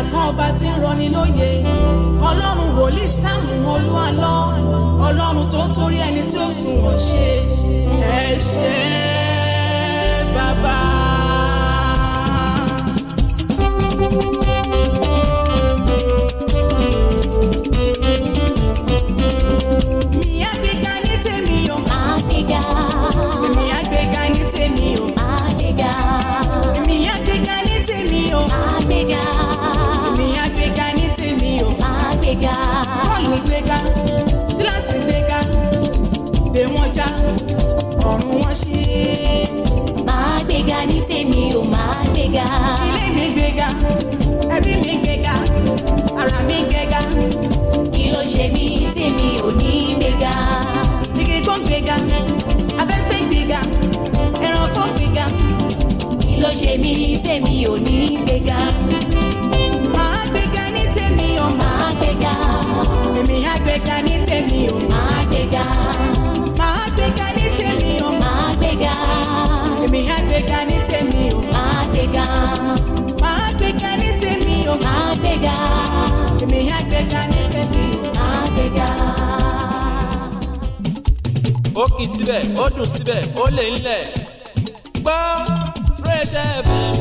àràtàn ọba tí ń rọni lóye ọlọ́run wòlíì sáàmù olúwalọ́ ọlọ́run tó torí ẹni tí ó sùn wọ́n ṣe ẹ ṣé bàbá. thank you ọ̀run wọn ṣe. máa gbéga ní tèmi ò máa gbéga. ilé mi gbéga ẹbí mi gbéga ara mi gbéga. kí ló ṣe mí tèmi ò ní gbéga. igi tó ń gbéga afẹ́fẹ́ gbéga ẹranko gbéga. kí ló ṣe mí tèmi ò ní gbéga. máa gbéga ní tèmi ò máa gbéga. èmi á gbéga ní tèmi ò ní. kì síbẹ̀ ó dùn síbẹ̀ ó lè ń lẹ̀. gbọ́ fresh fm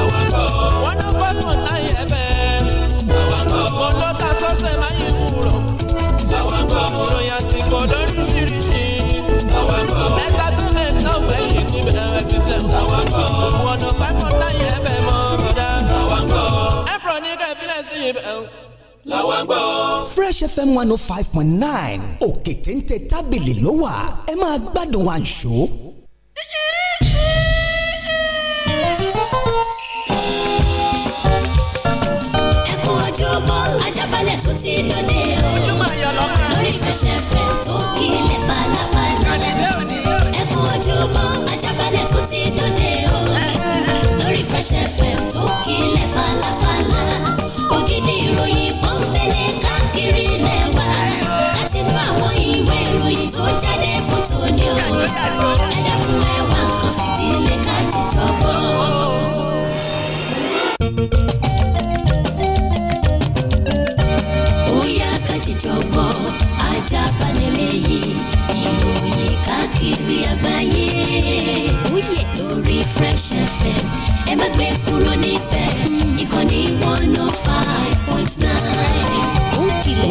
àwọn akọ one oh five point nine fm àwọn akọ mo ló ta sọ́sẹ̀ máa yẹ mú rọ̀ àwọn akọ ìròyìn àsìkò lóríṣiríṣi àwọn akọ mẹ́ta tún mẹ́ta náà gbẹ̀yìn níbẹ̀ ẹ̀fí sẹ̀ àwọn akọ one oh five point nine fm ọ̀dà àwọn akọ ní kẹ́fílẹ̀ sí ibẹ̀ làwọn gbọ́. fresh fm one oh five point nine òkè téńté tábìlì ló wà ẹ máa gbádùn àǹṣó. ẹ kú ojúbọ ajábalẹ̀ tó ti dòde o lórí fresh fm tó kílẹ̀ falafala ẹ kú ojúbọ ajábalẹ̀ tó ti dòde o eh, eh, eh. lórí fresh fm tó kílẹ̀ falafala ògidì káàkiri àgbáyé. Oyè lórí Fresh FM ẹ má gbé kúrò níbẹ̀ ìkànnì one oh five point nine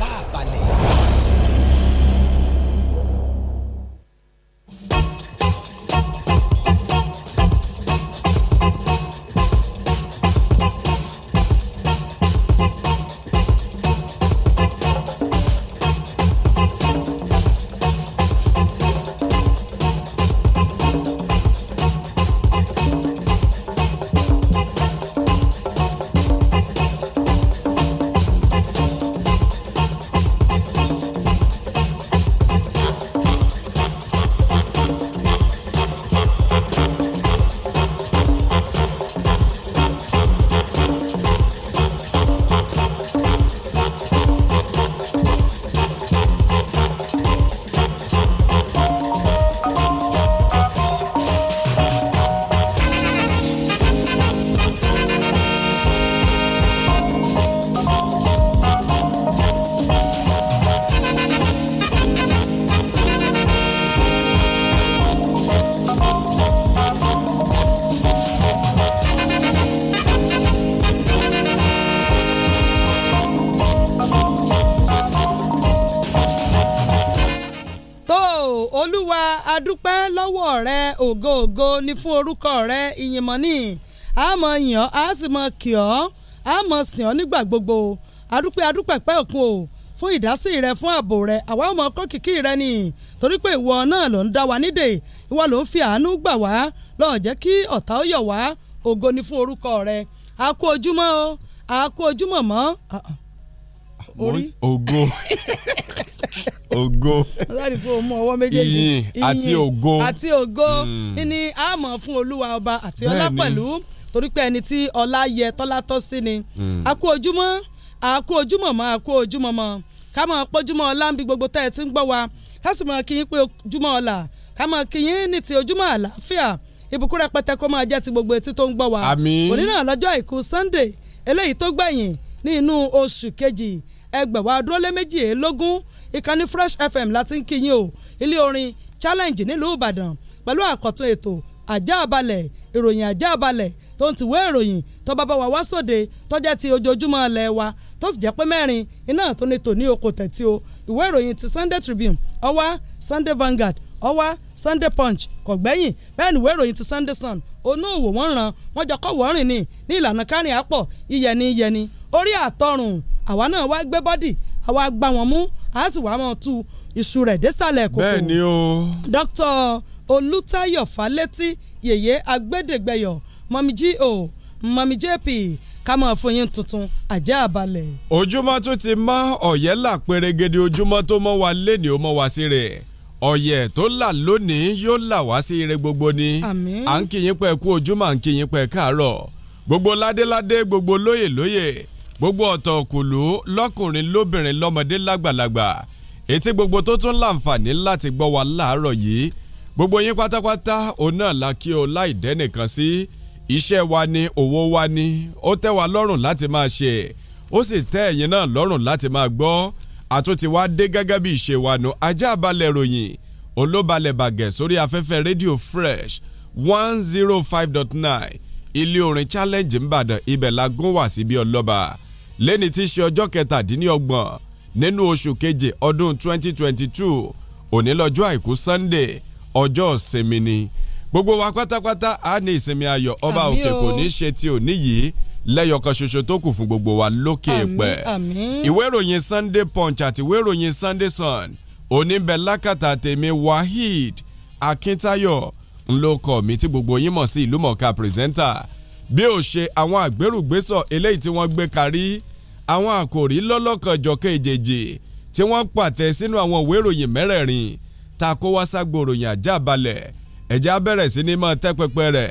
ajá balẹ̀. ni fún orúkọ rẹ ìyìnmọ́ ni a mọ̀ yàn á sì mọ̀ kì ọ́ a mọ̀ sìn ọ́ nígbà gbogbo adúpẹ́ adúpẹ́ pẹ́ òkun o fún ìdásí rẹ fún ààbò rẹ àwa ọmọ ọkọ kìkì rẹ ni torí pé ìwọ náà ló ń dá wa nídè ìwọ ló ń fi àánú gbà wá lọ́ọ̀ jẹ́ kí ọ̀tá ó yọ̀ wá ògo ni fún orúkọ rẹ a kú ojúmọ́ o a kú ojúmọ́ mọ́ ah, ah. orí. ògo ògo ìyìn àti ògo àti ògo hmm. ni a mọ̀ fún olúwa ọba àti ọlá pẹ̀lú torí pé ẹni tí ọlá yẹ tọ́lá tọ́ sí ni hmm. a kú ojúmọ́ a kú ojúmọ́ mọ́ a kú ojúmọ́ mọ́ ká mọ̀ pọ́júmọ́ ọlá ń bi gbogbo tẹ́ ẹ ti ń gbọ́ wa ká sì mọ̀ kí yín pé ojúmọ́ ọlá ká mọ̀ kí yín ní ti ojúmọ́ àlàáfíà ìbùkún rẹpẹtẹ kó máa jẹ́ ti gbogbo etí tó ń gbọ́ wa àmín lọ́jọ́ àìkú Sunday eléyìí tó gbẹ̀yìn ní inú oṣù kejì ẹgbẹ̀wá dúró lé méjìlélógún ìkànnì fresh fm láti ń kíyìn o ilé orin challenge nílùú ìbàdàn pẹ̀lú àkọ́tún ètò ajá balẹ̀ ìròyìn ajá balẹ̀ tó ń tiwé ìròyìn tó bá bá wa wá sóde tó jẹ́ ti ojoojúmọ́ ilẹ̀ wa tó sì jẹ́ pé mẹ́rin iná tó ní tòní oko tẹ̀tí o ìwé ìròyìn ti sunday tribune ọwá sunday vanguard ọwá sunday punch kò gbẹ́yìn bẹ́ẹ̀ ni ìwé ìròyìn ti sunday sun onóòwò wọ́n ràn wọ́n jọ kọ́ wọ́n rìn ní ní ìlànà kárìn àpọ̀ ìyẹni ìyẹni orí àtọrùn àwa náà wá gbé bọ́dì àwa gbá wọn mú a sì wá wọn tú iṣu rẹ̀ désàlẹ̀ kòkò. bẹ́ẹ̀ o. Dr. Olùtayọ̀ Fálétí yèyé agbẹ́dẹ̀gbẹ̀yọ̀ mọ̀mí G.O. mọ̀mí J.P ká máa fún yín tuntun àjẹ́ àbálẹ̀. ojúmọ́ tó ti mọ́ ọ̀yẹ́ là pérégede ojúmọ́ tó mọ́ wa lé ní o mọ́ wa sí rẹ̀ ọ̀yẹ́ tó là lónìí yóò là wá sí ire gbogbo ni à ń kí yín pẹ́ kú ojúmọ́ à ń kí yín pẹ́ káàárọ̀ gbogbo ládéládé gbogbo lóyè lóyè gbogbo ọ̀tọ̀ òkòló lọ́kùnrin lóbìnrin lọ́mọdé lágbàlagbà etí gbogbo tó tún láǹfààní láti gbọ́ wa láàárọ̀ yìí gbogbo yín pátápátá òun náà la kí o láì dẹ́nìkan sí iṣẹ́ wa ni òwò wa ni ó tẹ́ wa lọ́rùn láti máa ṣe ó sì tẹ́ ẹ̀yin náà lọ́rùn láti máa gbọ́ àtúntì wa dé gẹ́gẹ́ bí ìṣe ajá balẹ̀ ròyìn olóbalẹ̀ bàgẹ́ sórí afẹ́fẹ́ rédíò fresh one zero five dot nine ilé orin challenge ńbàdàn ibẹ̀ la gún wá síbi ọlọ́ba. Si lẹ́ni tí í ṣe ọjọ́ kẹtàdínlọ́gbọ̀n nínú oṣù keje ọdún 2022 òní lọ́jọ́ àìkú Sunday ọjọ́ ìsinmi ni gbogbo wa pátápátá a ní ìsinmi ayọ̀ ọba òkè kò ní ṣe ti òní yìí lẹ́yọ̀kan ṣoṣo tó kù fún gbogbo wa lókè pẹ́ ìwé ìròyìn Sunday Punch àti ìwé ìròyìn Sunday Sun oníbẹ̀ lákàtà tèmi Waheed Akíntáyọ̀ ńlọkọ̀ mi tí gbogbo yín mọ̀ sí ìlúmọ̀ọ́ká pírẹsẹ́ńtà bí ó ṣe àwọn àgbérùgbésọ̀ eléyìí tí wọ́n gbé karí àwọn àkòrí lọ́lọ́kanjọ̀kan èjèèjì tí wọ́n pàtẹ sínú àwọn ìwé ìròyìn mẹ́rẹ̀ẹ̀rin ta kó wá ságbó ìròyìn àjá balẹ̀ ẹ̀já bẹ̀rẹ̀ sí ní máa tẹ́ pẹpẹ rẹ̀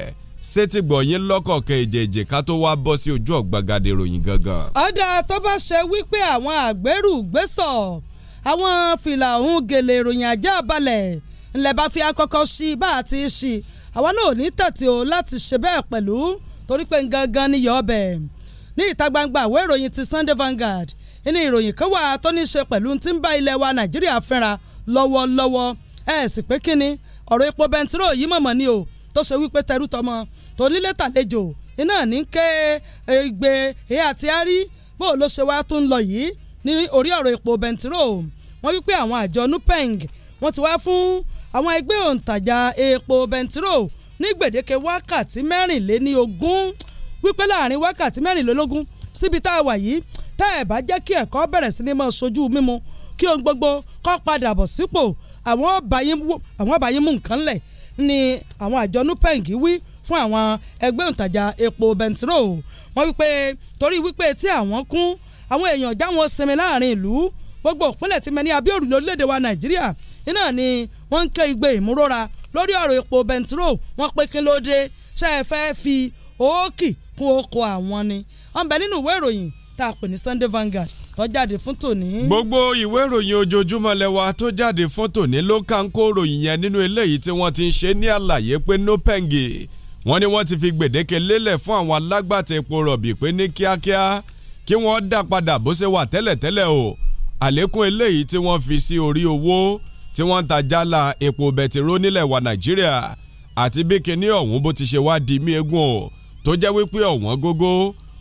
sétìgbọ̀yìn lọ́kọ̀ọ̀kan èjèèjì ká tó wá bọ́ sí ojú ọ̀gbagadé ìròyìn gangan. ọ̀dà tó bá ṣe wípé àwọn àgbẹ̀rù gbẹ́sọ̀ àwọn fìlà òun gèlè ìròyìn àjá balẹ̀ ńlẹ̀ bá fi akọ́kọ́ sí bá a ti sí àwa náà ò ní tẹ̀tì o láti ṣe bẹ́ẹ̀ pẹ̀lú torí pé gangan ni yọ̀ bẹ́ẹ̀ ní ìta gbangba àwọn ìròyìn ti Sunday Vanguard ní ìròyìn kan wà tó ní ṣe pẹ̀lú tí ń bá ilẹ̀ wa Nàìjíríà fínra lọ́wọ́lọ́wọ́ ẹ̀ sì pé kínní ọ̀rọ̀ epo bẹntiró yìí mọ̀mọ́ ni o tó ṣe wípé tẹrú tọmọ tó nílé tàlejò iná ní ké egbe e àti ari bó ló ṣe wá tún lọ yìí ní orí ọ̀rọ̀ epo bẹntiró wọ́n wípé àwọn àjọ NUPENG wọ́n ti wá fún àwọn ẹgbẹ́ òǹtajà epo bẹntiró ní gbèdéke wákàtí mẹ́rìnléní ogún wípé láàrin wákàtí mẹ́rìnlélógún síbi tá a wà yìí tá ẹ̀ bá jẹ́ kí ẹ̀kọ́ bẹ̀rẹ̀ sí ni máa ṣojú mímu kí ohun gbogbo kó padà bọ̀ sípò àwọn ọba yín mú nǹkan lẹ̀ ni àwọn àjọ nupeng wí fún àwọn ẹgbẹ́ òǹtajà epo bẹntiró wọ́n wípé torí wípé tí àwọn kún àwọn èèyàn já wọn sinmi láàrin ìlú gbogbo ìpínlẹ̀ tí mẹ́ni abíòrù lórílẹ̀‐èdè wa nàìjíríà iná ni wọ́n ń ké igbe ìmúrora lórí ọ̀rọ̀ epo bẹntiró wọ́n pé kí ló dé ṣe é fẹ́ fi òókì kún oko àwọn ni ó ń bẹ nínú ìwé ìròyìn tá a pè ní Sunday Vanguard tó jáde fún tòní. gbogbo ìwé ìròyìn ojoojúmọ́ lẹ́wà tó jáde fún tòní ló kà ń kó ròyìn yẹn nínú eléyìí tí wọ́n ti ń ṣe ní àlàyé pé nopenge wọ́n ní wọ́n ti fi gbèdéke lélẹ̀ fún àwọn alágbàtà epo rọ̀bì pé ní kíákíá kí wọ́n dá padà bó ṣe wà tẹ́lẹ̀tẹ́lẹ̀ o àlékún eléyìí tí wọ́n fi sí orí owó tí wọ́n ń ta jálá epo bẹtiró nílẹ̀ wa Nàìjíríà àti bí kinní ọ̀hún bó ti ṣe wá di mí eégún o tó jẹ́ wípé ọ̀wọ́n gógó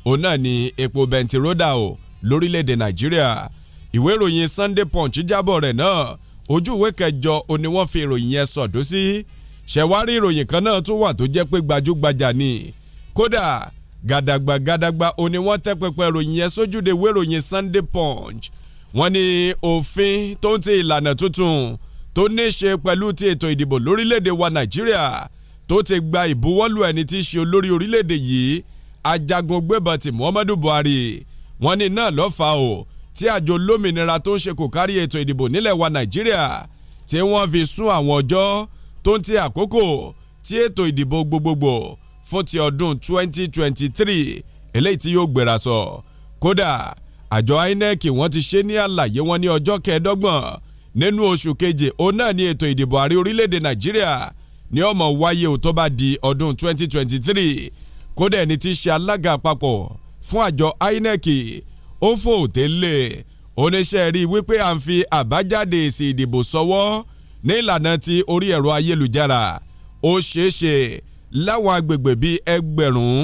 òun náà ni epo bẹntiródà o lórílẹ̀‐èdè nàìjíríà ìwé ìròyìn Sunday Punch jábọ̀ rẹ̀ náà ojú ìwé kẹjọ òní wọ́n fi ìròyìn yẹn sọ̀dọ́ sí ṣẹ̀wárí ìròyìn kan náà tún wà tó jẹ́ pé gbajúgbajà ni kódà gàdàgbà gàdàgbà òní wọ́n tẹ́ pẹpẹ ìròyìn yẹn sójúde ìwé ìròyìn Sunday Punch wọ́n ní òfin tó ń ti ìlànà tuntun tó ní í ṣe pẹ̀lú ti ètò ìdìbò lórílẹ̀‐èdè wa Nàìjíríà tó ti gba ìbuwọ́lù ẹni tí í ṣe olórí orílẹ̀-èdè yìí ajagun gbébọn ti Muhammadu Buhari wọ́n ní náà lọ́fà o tí àjọ lómìnira tó ń ṣe kò kárí ètò ìdìbò nílẹ̀ wa Nàìjíríà tí wọ́n fi sún àwọn ọjọ́ tó ń ti àkókò tí ètò ìdìbò gbogbogbò fún ti ọdún 2023 eléyìí tí yóò gbéra sọ kódà àjọ INEC wọ́n ti ṣe ní àlàyé wọn ní ọjọ́ kẹẹ̀ẹ́dọ́gbọ̀n nínú oṣù keje òun náà ni ètò ìdìbò ààrẹ orílẹ̀-èdè Nàìjíríà ni ọmọ wáyé ò bá di ọdún 2023 kódà ẹni tí í ṣe alága àpapọ̀ fún àjọ INEC ó fò tẹ́lẹ̀ oníṣẹ́ rí wípé à ń fi àbájáde èsì ìdìbò sọwọ́ ní ìlànà ti orí ẹ̀rọ ayélujára ó ṣeéṣe láwọn agbègbè bíi ẹgbẹ̀rún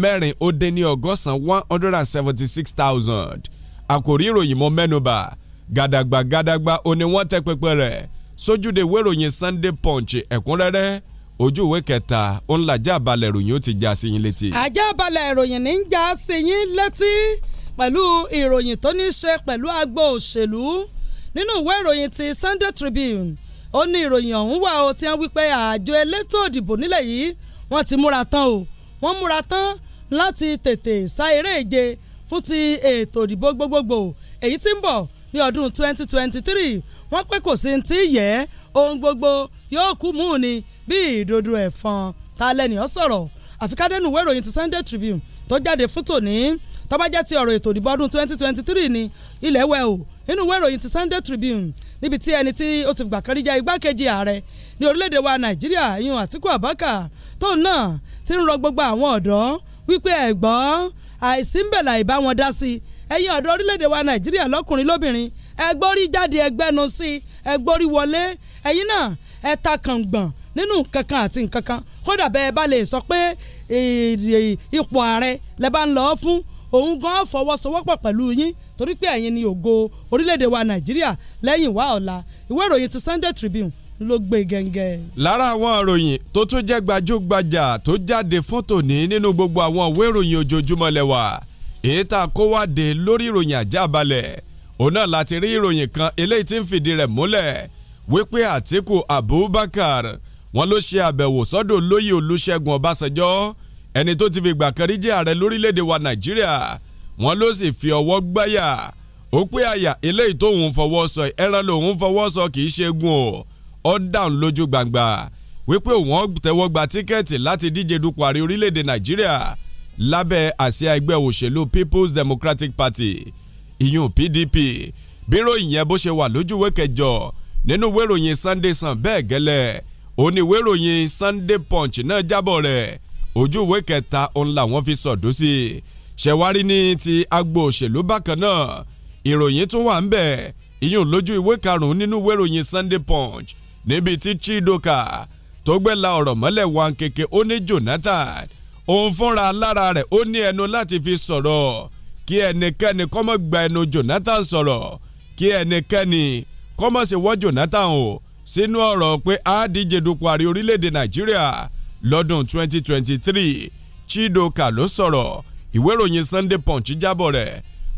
mẹ́rin ó dín ní ọgọ́sàn one hundred and seventy six thousand àkòrí ìròyìn mọ́ mẹ́nubà gàdàgbà gàdàgbà ó ní pẹpẹ rẹ̀ sójúde wéròyìn Sunday Punch ẹ̀kúnrẹ́rẹ́ ojú ìwé kẹta ó ń lajà balẹ̀ ìròyìn ó ti já sí yín létí. àjà balẹ̀ ìròyìn ní ń já sí yín létí pẹ̀lú ìròyìn tó ní í ṣe pẹ̀lú agbo òṣèlú nínú ìwé ìròyìn ti Sunday Tribune ó ní ìròyìn ọ̀hún wà ó ti hàn wípé àjọ elétò òdìbò nílẹ̀ yìí wọ́n ti múra tán o wọ́n múra tán láti tètè sá eré ìje fún ti ètò òdìbò gbogbogbò èyí tí ń bọ̀ ní ọdún 2023 wọ́n pé kò sí ti yẹ ohun gbogbo yóò kú mú ni bí ìdodo ẹ̀fọn ta lẹ́ni ọ́ sọ̀rọ̀ àfikádẹ́nu ìwé ìròyìn ti Sunday Tribune tó jáde fún tòní tó bá jẹ́ ti ọ̀rọ̀ ètò ìdìbò ọdún 2023 ni ilẹ̀ wẹ̀ o nínú ìwé ìròyìn ti Sunday Tribune níbi tí ẹni tí ó ti gbà kan rí jẹ́ igbákejì ààrẹ ní orílẹ̀-èdè wa Nàìjíríà ìyún Àtíkù Abubakar tóun náà ti ń rọ gbogbo àwọn ọ̀dọ́ wípé ẹ̀gbọ́n àìsí ń bẹ̀ láì bá wọn dá sí ẹ̀yin ọ̀dọ́ orílẹ̀-èdè wa Nàìjíríà lọ́kùnrin lóbìnrin ẹgbórí jáde ẹgbẹ́nu sí ẹgbórí wọlé ẹ̀yin náà ẹ ta kàngbọ̀n nínú nǹkan kan àti nǹkan kan kódà bẹ́ẹ̀ bá lè sọ pé ipò ààrẹ lẹ bá ń lọ fún òun gan fọwọ́sowọ́pọ̀ pẹ̀lú yín torí pé ẹ̀yin ni ògo orílẹ̀-èdè wa nàìjíríà lẹ́yìn wá ọ̀la ìwé ìròyìn ti Sunday Tribune ló gbé e gẹ́ngẹ́. lára àwọn ìròyìn tó tún jẹ́ gbajúgbajà tó jáde fún tòní nínú gbogbo àwọn ìwé ìròyìn ojoojúmọ́ lẹ́wà èyí tá a kó wá dé lórí ìròyìn àjábalẹ̀ òun náà láti rí ìròyìn kan eléyìí tí ń fìdí rẹ̀ múlẹ̀ wípé Àtíkù Abubakar wọn ló ṣe àbẹ̀wò sọ́dọ̀ olóyè Olúṣẹ́gun Ọbásanjọ́ ẹni tó ti fi gbà kan rí jẹ́ ààrẹ lórílẹ̀ wa Nàìjíríà wọn ló sì fi ọwọ́ gbáyà ó pé àyà eléyìí tóun fọwọ́ sọ ẹran lòun fọwọ́ sọ kì í ṣe gun o ó dáhùn lójú gbangba wípé òun tẹ́wọ́ gba tíkẹ́ẹ̀tì láti díje dupò ààrẹ orílẹ̀‐èdè Nàìjíríà lábẹ́ àsíá ẹgbẹ́ òṣèlú People's Democratic Party ìyún PDP bíròyìn yẹn bó ṣe wà lójúwé kẹjọ nínú ìwé Sunday Sun bẹ́ẹ̀ gẹ́lẹ́ òun ni Sunday Punch náà jábọ̀ rẹ̀ ojúwé kẹta òun làwọn fi sọ̀dọ́ sí i ṣẹ̀wárí ní ti agbo òṣèlú bákan náà ìròyìn tún wà ń bẹ̀ ìyún lójú ìwé karùn-ún nínú ìwé Sunday Punch níbi tí Chidoka tó gbẹ́la ọ̀rọ̀ mọ́lẹ̀ wọn kéke ó ní Jonathan òun fúnra lára rẹ̀ ó ní ẹnu láti fi sọ̀rọ̀ kí ẹnikẹ́ni kọ́mọ́ gba ẹnu Jonathan sọ̀rọ̀ kí ẹnikẹ́ni kọ́mọ́ sì wọ́ Jonathan o sínú ọ̀rọ̀ pé a díje dupò ààrẹ orílẹ̀-èdè Nàìjíríà lọ́dún 2023 Chidoka ló sọ̀rọ̀ ìwé ìròyìn Sunday Punch jábọ̀ rẹ̀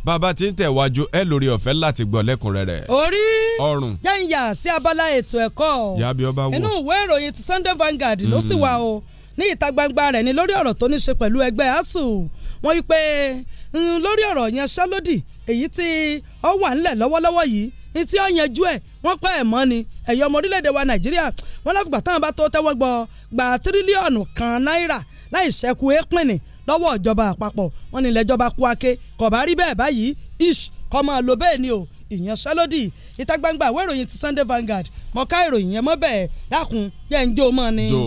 bàbá tí ń tẹ̀wájú ẹ lórí ọ̀fẹ́ láti gbọ́ lẹ́kùnrẹ́rẹ́. orí ọrùn jẹ́ǹyà sí abala ètò ẹ̀kọ́ inú ìwé ìròyìn ti Sunday Vanguard ló sì hmm. wà o ní ìta gbangba rẹ̀ ni lórí ọ̀rọ̀ tó ní ṣe pẹ̀lú ẹgbẹ́ ASUU wọ́n wí pé Mm, lórí ọ̀rọ̀ yẹn sálódì èyí tí ó wà ńlẹ̀ lọ́wọ́lọ́wọ́ yìí ní tí ó yanjú ẹ̀ wọ́n pẹ́ ẹ̀ mọ́ ni ẹ̀yọ́ ọmọ orílẹ̀-èdè wa nàìjíríà wọ́n láfùgbà táwọn bá tó tẹ́wọ́ gbọ́ gba tírílíọ̀nù kan náírà láì ṣẹ́kù éèpìn ni lọ́wọ́ ìjọba àpapọ̀ wọ́n ní ilẹ̀ kú ake kò rí bẹ́ẹ̀ báyìí ish kọ́ máa lo bẹ́ẹ̀ ni o ìyanṣẹ́lódì ìta gbangba àwọn ìròyìn ti Sunday Vanguard mọ̀ká ìròyìn yẹn mọ́ bẹ́ẹ̀ dákun yẹn ń jó mọ́ ni. jo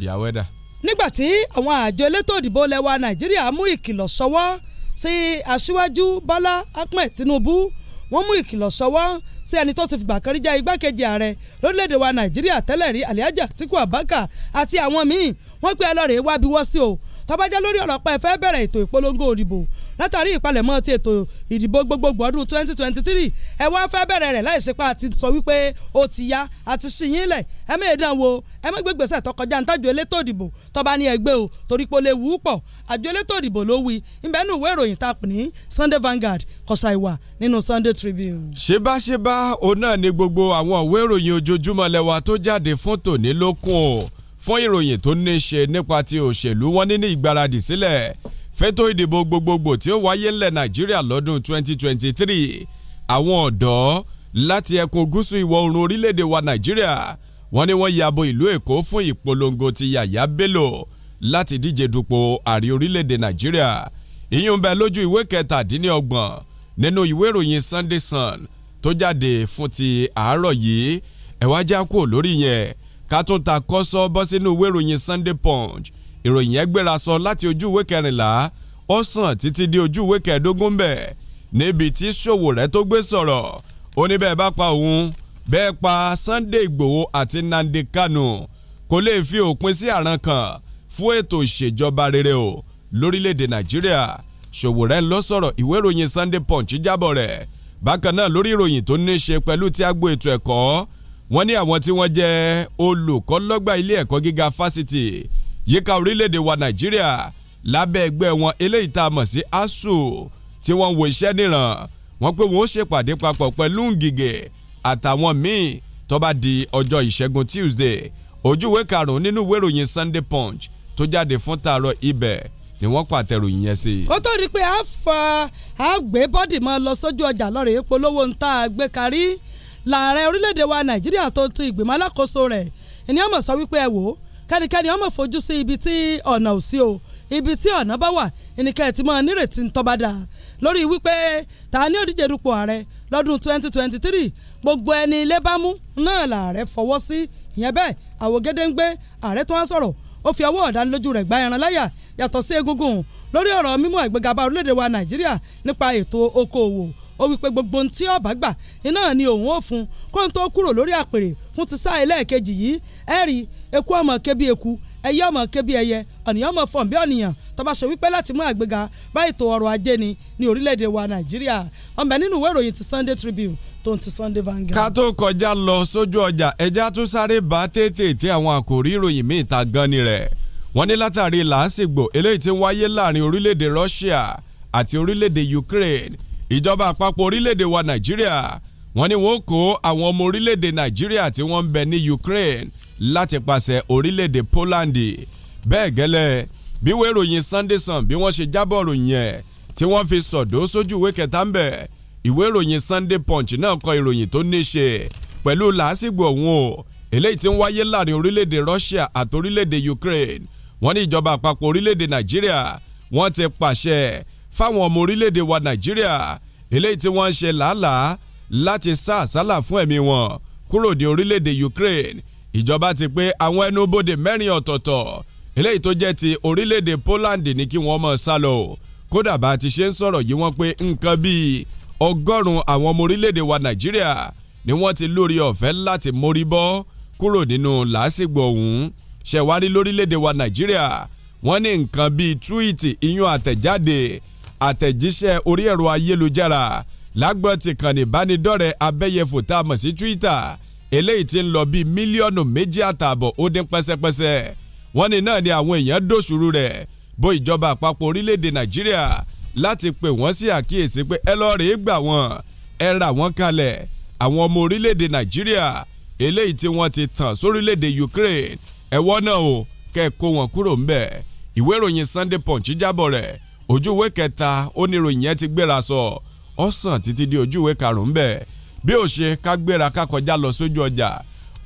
ìyàwó ẹ̀dá nígbàtí àwọn àjọ elétò òdìbò lẹwa nàìjíríà mú ìkìlọ̀ sọ́wọ́ sí aṣíwájú bọ́lá ahmed tinubu wọ́n mú ìkìlọ̀ ṣọwọ́ sí ẹni tó ti fìgbà kan rí jẹ́ igbákejì ààrẹ lórílẹ̀‐èdè wa nàìjíríà tẹ́lẹ̀ rí alhaji atiku abubakar àti àwọn míì wọ́n pe ẹlọ́rẹ̀ẹ́ wá bí wọ́n sí o tọ́bajẹ́ lórí ọ̀rọ̀ pa ẹ̀fẹ́ bẹ̀rẹ̀ ètò ìpolongo òdìbò látàrí ìpalẹ̀mọ́ ti ètò ìdìbò gbogbogbò ọdún twenty twenty three ẹ wá fẹ́ bẹ̀rẹ̀ rẹ̀ láìsí pa àti sọ wípé ó ti yá àti ṣìyìn lẹ̀ ẹ má dán wò ẹ má gbé gbèsè tó kọjá ntàjọ elétò ìdìbò tọba ní ẹgbẹ́ o torí pé ó lè wù ú àjọ elétò ìdìbò ló wí ìbẹ́ ìwé ìròyìn tá a pè ní Sunday Vanguard kọsà ìwà nínú Sunday Tribune. ṣébáṣébá òun náà ni gbogbo àwọn ìwé ìròyìn ojoojúmọ́ lẹ́wà tó jáde fún tòní lókun o fún ìròyìn tó ní ṣe nípa ti òṣèlú wọn nínú ìgbáradì sílẹ̀ fẹ́tọ̀ ìdìbò gbogbogbò tí ó wáyé ńlẹ̀ Nàìjíríà lọ́dún 2023 àwọn ọ̀dọ́ láti ẹkùn gúúsù ìwọ̀ oòrùn orílẹ̀ wa Nàìjíríà wọ́n ní wọ́n yabo ìlú Èkó fún ìpolongo ti Yàyà Bello láti díje dupò ààrẹ orílẹ̀-èdè Nàìjíríà ìyún bẹ lójú ìwé kẹtàdínlọ́gbọ̀n nínú ìwé ìròyìn Sunday Sun tó jáde fún ti àárọ̀ yìí ẹ̀wájá kù lórí yẹn ká tún ta kọ́sọ́ bọ́ sínú ìwé ìròyìn Sunday Punch ìròyìn yẹn gbéra sọ láti ojú ìwé kẹrìnlá ó sàn títí di ojú ìwé kẹẹ̀dógún bẹ̀ níbi tí Sowore tó gbé sọ̀rọ̀ ó bá pa òun bẹ́ẹ̀ pa Sunday Igboho àti Nnamdi Kanu kò lè fi òpin sí àràn kan fún ètò ìṣèjọba rere o lórílẹ̀‐èdè Nàìjíríà Ṣòwòrẹ́ ló sọ̀rọ̀ ìwé ìròyìn Sunday Punch jábọ̀ rẹ̀ bákan náà lórí ìròyìn tó ní í ṣe pẹ̀lú ti agbo ètò ẹ̀kọ́ wọ́n ní àwọn tí wọ́n jẹ́ olùkọ́ lọ́gbà ilé ẹ̀kọ́ gíga fásitì yíká orílẹ̀-èdè wa Nàìjíríà lábẹ́ ẹgbẹ́ wọn eléyìí tá a mọ̀ sí ASUU tí wọ́n wo iṣẹ́ níran wọ́n pé wọ́n ó ṣèpàdé papọ̀ pẹ̀lú Ngige àtàwọn míì tó bá di ọjọ́ ìṣẹ́gun Tuesday ojúwe karùn-ún nínú ìwé ìròyìn Sunday Punch tó jáde fún tààrọ̀ ibẹ̀ ni wọ́n pàtẹ́rò yẹn sí. kó tó rí i pé a fa àgbébọ́dì mọ́ lọ sójú ọjà lọ́rọ̀ epo lówó ń tá a gbé kárí làárẹ̀ orílẹ̀-èdè wa Nàìjíríà tó ti ìgbìmọ̀ alákòóso rẹ̀ ni ọmọ sọ wípé ẹ wò ó kẹ́nikẹ́ni ọmọ fojú sí ibi tí ọ̀nà ò sí o ibi tí ọ̀nà bá wà ẹnikẹ́ni ti mọ nírètí ń tọ́ bá dáa lórí wípé ta ni ó díje dupò ààrẹ lọ́dún 2023 gbogbo ẹni ilé bá mú náà làárẹ̀ fọwọ́ sí ìyẹn bẹ́ẹ̀ àwògede ń gbé ààrẹ tó wá sọ̀rọ̀ ó fi ọwọ́ ọ̀dánilójú rẹ̀ gba ẹran láyà yàtọ̀ sí egungun lórí ọ̀rọ̀ mímú ìgbéga bá orílẹ̀-èdè wa nàìjíríà nípa ètò okòòwò ó wípé gbogbo ohun tí ọba gbà iná ni òun ò fún kóhun tó kúrò lórí àpèrè fún ti sáà ẹlẹ́ẹ̀kejì yìí ẹ̀rí eku ọmọ kébí eku ẹyẹ ọmọ ké bí ẹyẹ ọ̀nìyàn ọmọ fọ̀n bí ọ̀nìyàn tọba sọ wípé láti mú àgbéga bá ètò ọrọ̀ ajé ni ní orílẹ̀-èdè wa nàìjíríà ọmọ nínú ìwé ìròyìn ti Sunday Tribune tó ń ti Sunday Vanguard. ká tó kọjá lọ sójú ọjà ẹja tún sáré bá tètè tí àwọn àkòrí ìròyìn míì ta gan ni rẹ̀ wọ́n ní látàrí làásìgbò eléyìí ti wáyé láàrin orílẹ̀-èdè Russia àti orílẹ̀-èdè Ukraine ìjọba àpapọ̀ orílẹ̀-èdè wa nàìjíríà wọ́n ní wọ́n kó àwọn ọmọ orílẹ̀-èdè nàìjíríà tí wọ́n ń bẹ ní Ukraine láti pàṣẹ orílẹ̀-èdè Poland bẹ́ẹ̀ gẹ́lẹ́ bí wọ́n ìròyìn Sunday Sun bí wọ́n ṣe jábọ̀ ròyìn ẹ̀ tí wọ́n fi sọ̀dọ̀ sójú ìwé kẹta ń bẹ̀ ìwé ìròyìn Sunday Punch náà kọ ìròyìn tó ní ṣe pẹ̀lú làásìgbò ọ̀hún o eléyìí tí ń wáyé láàrin orílẹ̀-èdè Russia àti orílẹ̀-èdè Ukraine wọ́n ní ìjọba àpapọ̀ orílẹ̀-èdè Nàìjíríà wọ́n ti pàṣẹ fáwọn ọmọ orílẹ̀-èdè wa Nàìjíríà eléyìí tí wọ́n ń ṣe làálàá láti sá àsálà fún ẹ̀mí wọn kúrò ní orílẹ̀-èdè Ukraine ìjọba ti pé àwọn ẹnubodè mẹ́rin ọ̀tọ̀ọ̀tọ̀ eléyìí tó jẹ́ ti orílẹ̀-èdè Poland ní kí wọ́n mọ̀ sá lọ kódà bá a ti ṣe ń sọ̀rọ̀ yìí wọ́n pé nǹkan bíi ọgọ́rùn-ún àwọn ọmọ orílẹ̀-èdè wa Nàìjíríà ni wọ́n ti lórí ọ̀fẹ́ láti mórí bọ́ kúrò nínú làásìgbò ọ̀hún ṣẹ̀wárí lórílẹ̀-èdè wa Nàìjíríà wọ́n ní nǹkan bíi túwìtì iyún àtẹ̀jáde àtẹ̀jíṣẹ́ orí ẹ̀rọ ayélujára lágbọ́n ti kàn ní ìbánidọ́rẹ̀ẹ́ abẹ́yẹfò tá a mọ̀ sí Twitter eléyìí ti ń lọ bíi mílíọ̀nù méjì àtààbọ̀ ó dín pẹ́sẹ́pẹ́sẹ́ wọ́n ní náà ni àwọn èèyàn dòṣùrù rẹ̀ bó ìjọba àpapọ̀ orílẹ̀-èdè nàìjíríà láti pè wọ́n sí àkíyèsí pé ẹ lọ́ọ́ rèé gbà wọ́n ẹ ra wọ́n kalẹ̀ àwọn ọmọ orílẹ̀-èdè nàìjíríà eléyìí tí wọ́n ti tàn sórílẹ̀-èdè Ukraine ẹ̀wọ́n náà o kẹ́ ẹ kó wọn kúrò ńbẹ̀ ìwé ìròyìn Sunday Punch jábọ̀ rẹ̀ ojú ìwé kẹta oníròyìn yẹn ti gbéra sọ ọ̀sán títí di ojú ìwé karùn-ún bẹ́ẹ̀ bí ó ṣe ká gbéra ká kọjá lọ sójú ọjà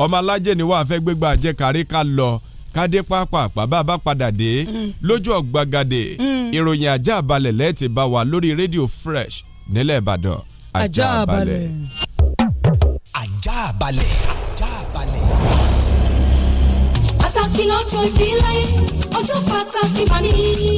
ọmọ alájẹ ni wàá fẹ́ gbégbá jẹ́ kárí ká lọ kádé pàápàá bá bá padà dé lójú ọ̀gbagadè ìròyìn ajá balẹ̀ lẹ́ẹ̀tì bá wa lórí rédíò fresh nílẹ̀ ìbàdàn ajá balẹ̀. ajá balẹ̀. ajá balẹ̀ àkìlọ̀ ọjọ́ ìbílẹ̀ ọjọ́ pàtàkì mà ní.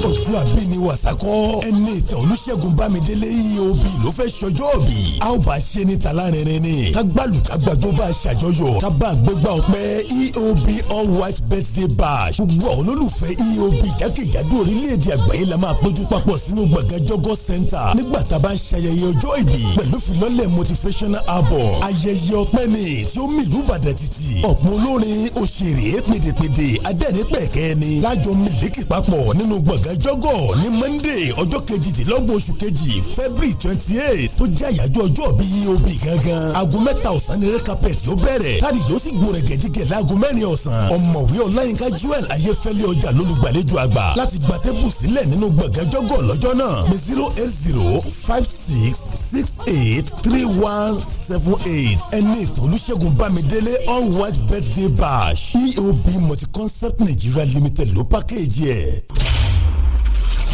ọjọ́ àbí ni wàsákọ́ ẹni ìtàn olùṣègùn bámidélé eob ló fẹ́ ṣọjọ́ òbí a ó bá ṣe ní talárinrin ni kágbálù kágbàjọ bá ṣàjọyọ̀ kábà gbégbá ọpẹ́ eob all white birthday bash gbogbo àwọn olólùfẹ́ eob jákèjádò orílẹ̀-èdè àgbáyé la máa péjú papọ̀ sínú gbọ̀ngàn jọgọ́ center nígbà tá a bá ń ṣayẹyẹ ọjọ́ ìbí pẹ̀lú filọ́lẹ̀ motivational album ayẹyẹ ọpẹ́ ni tí ó mìlú bàdàn títì ọ̀pọ̀ olórin òṣèré friday adẹ́nipẹ̀kẹ́ ni lájọ mílíkì papọ̀ nínú gbọ̀ngàn jọ́gọ̀ ní monday ọjọ́ kejìdínlọ́gbọ̀n oṣù kejì february twenty eight tó jẹ́ àyájọ́ ọjọ́ bí obì gangan aago mẹ́ta ọ̀sán ni red carpet yóò bẹ̀rẹ̀ káàdì yóò sì gbòòrè gẹ̀dígẹ̀ láago mẹ́rin ọ̀sán ọ̀mọ̀wé ọláyínká joel ayéfẹ́lẹ́ ọjà lólùgbàlejò àgbà láti gba tẹ́bù sílẹ̀ nínú gbọ̀ngàn jọ́gọ̀ lọ́jọ́ náà ní zero eight zero five six six eight three one seven eight ẹni ètò olùṣègùn bámidélé all white birthday bash eob multi concept nigeria limited ló pákéjì ẹ̀.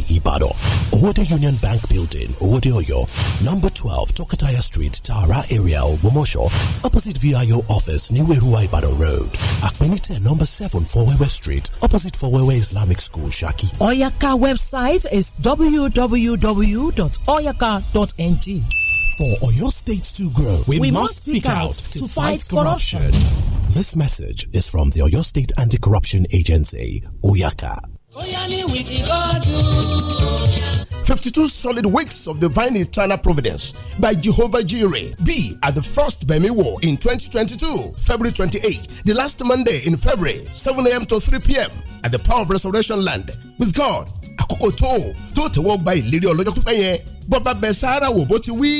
Ibadan. Owode Union Bank Building, Owode Oyo. Number 12, Tokataya Street, Tara area, Ogbomosho, Opposite VIO office, Niwerua Ibadan Road. Akpenite, number 7, Fowewe Street. Opposite Fowewe Islamic School, Shaki. Oyaka website is www.oyaka.ng. For Oyo State to grow, we, we must speak out to, to fight corruption. corruption. This message is from the Oyo State Anti Corruption Agency, Oyaka. 52 solid weeks of divine eternal providence by Jehovah Jireh. Be at the first Bemi War in 2022, February 28, the last Monday in February, 7 a.m. to 3 p.m. at the Power of Restoration Land with God. Àkókò to to tẹ̀wọ́ gba ìlérí ọlọ́jọ́ pípẹ́ yẹn bọ́ba bẹ sahara wò bó ti wí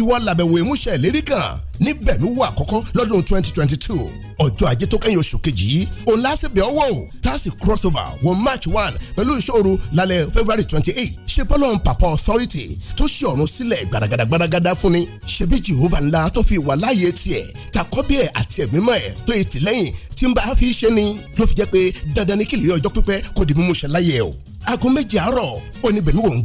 ìwọ làbẹ̀wò ìmúṣẹ ìlérí kan níbẹ̀ mi wà àkọ́kọ́ lọ́dún twenty twenty ọjọ́ ajé tó kẹ́yìn oṣù kejì òun lásìbẹ̀ ọwọ́ tásì crossover wọ march one pẹ̀lú ìṣòro lálẹ́ february 28. eight ṣe bọ́lọ̀ papa authority tó ṣe ọ̀run sílẹ̀ gbaragada gbaragada fún ni ṣebí jehova ńlá tó fi wà láàyè tiẹ̀ takọ́bí ẹ̀ àti ẹ̀mímọ́ ẹ̀ tó etí lẹ́yìn tí ń bá fi ṣe ni ló fi jẹ́ pé dandan ní kìlì o aago méje àárọ̀ oníbẹ̀mí wò ń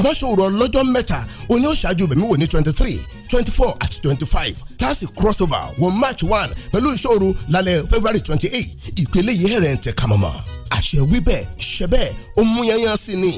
àbáṣọ̀rọ̀ lọ́jọ́ mẹ́ta òní ó ṣáájú bẹ̀mí wò ní twenty three twenty four àti twenty five tásì crossover wọ march one pẹ̀lú ìṣòro lálẹ́ february twenty eight ìpele yìí hẹ̀rẹ̀ ń tẹ̀ kàmọ́mọ́ àṣẹ wíbẹ̀ ṣẹbẹ̀ ó mú yanyan sí ni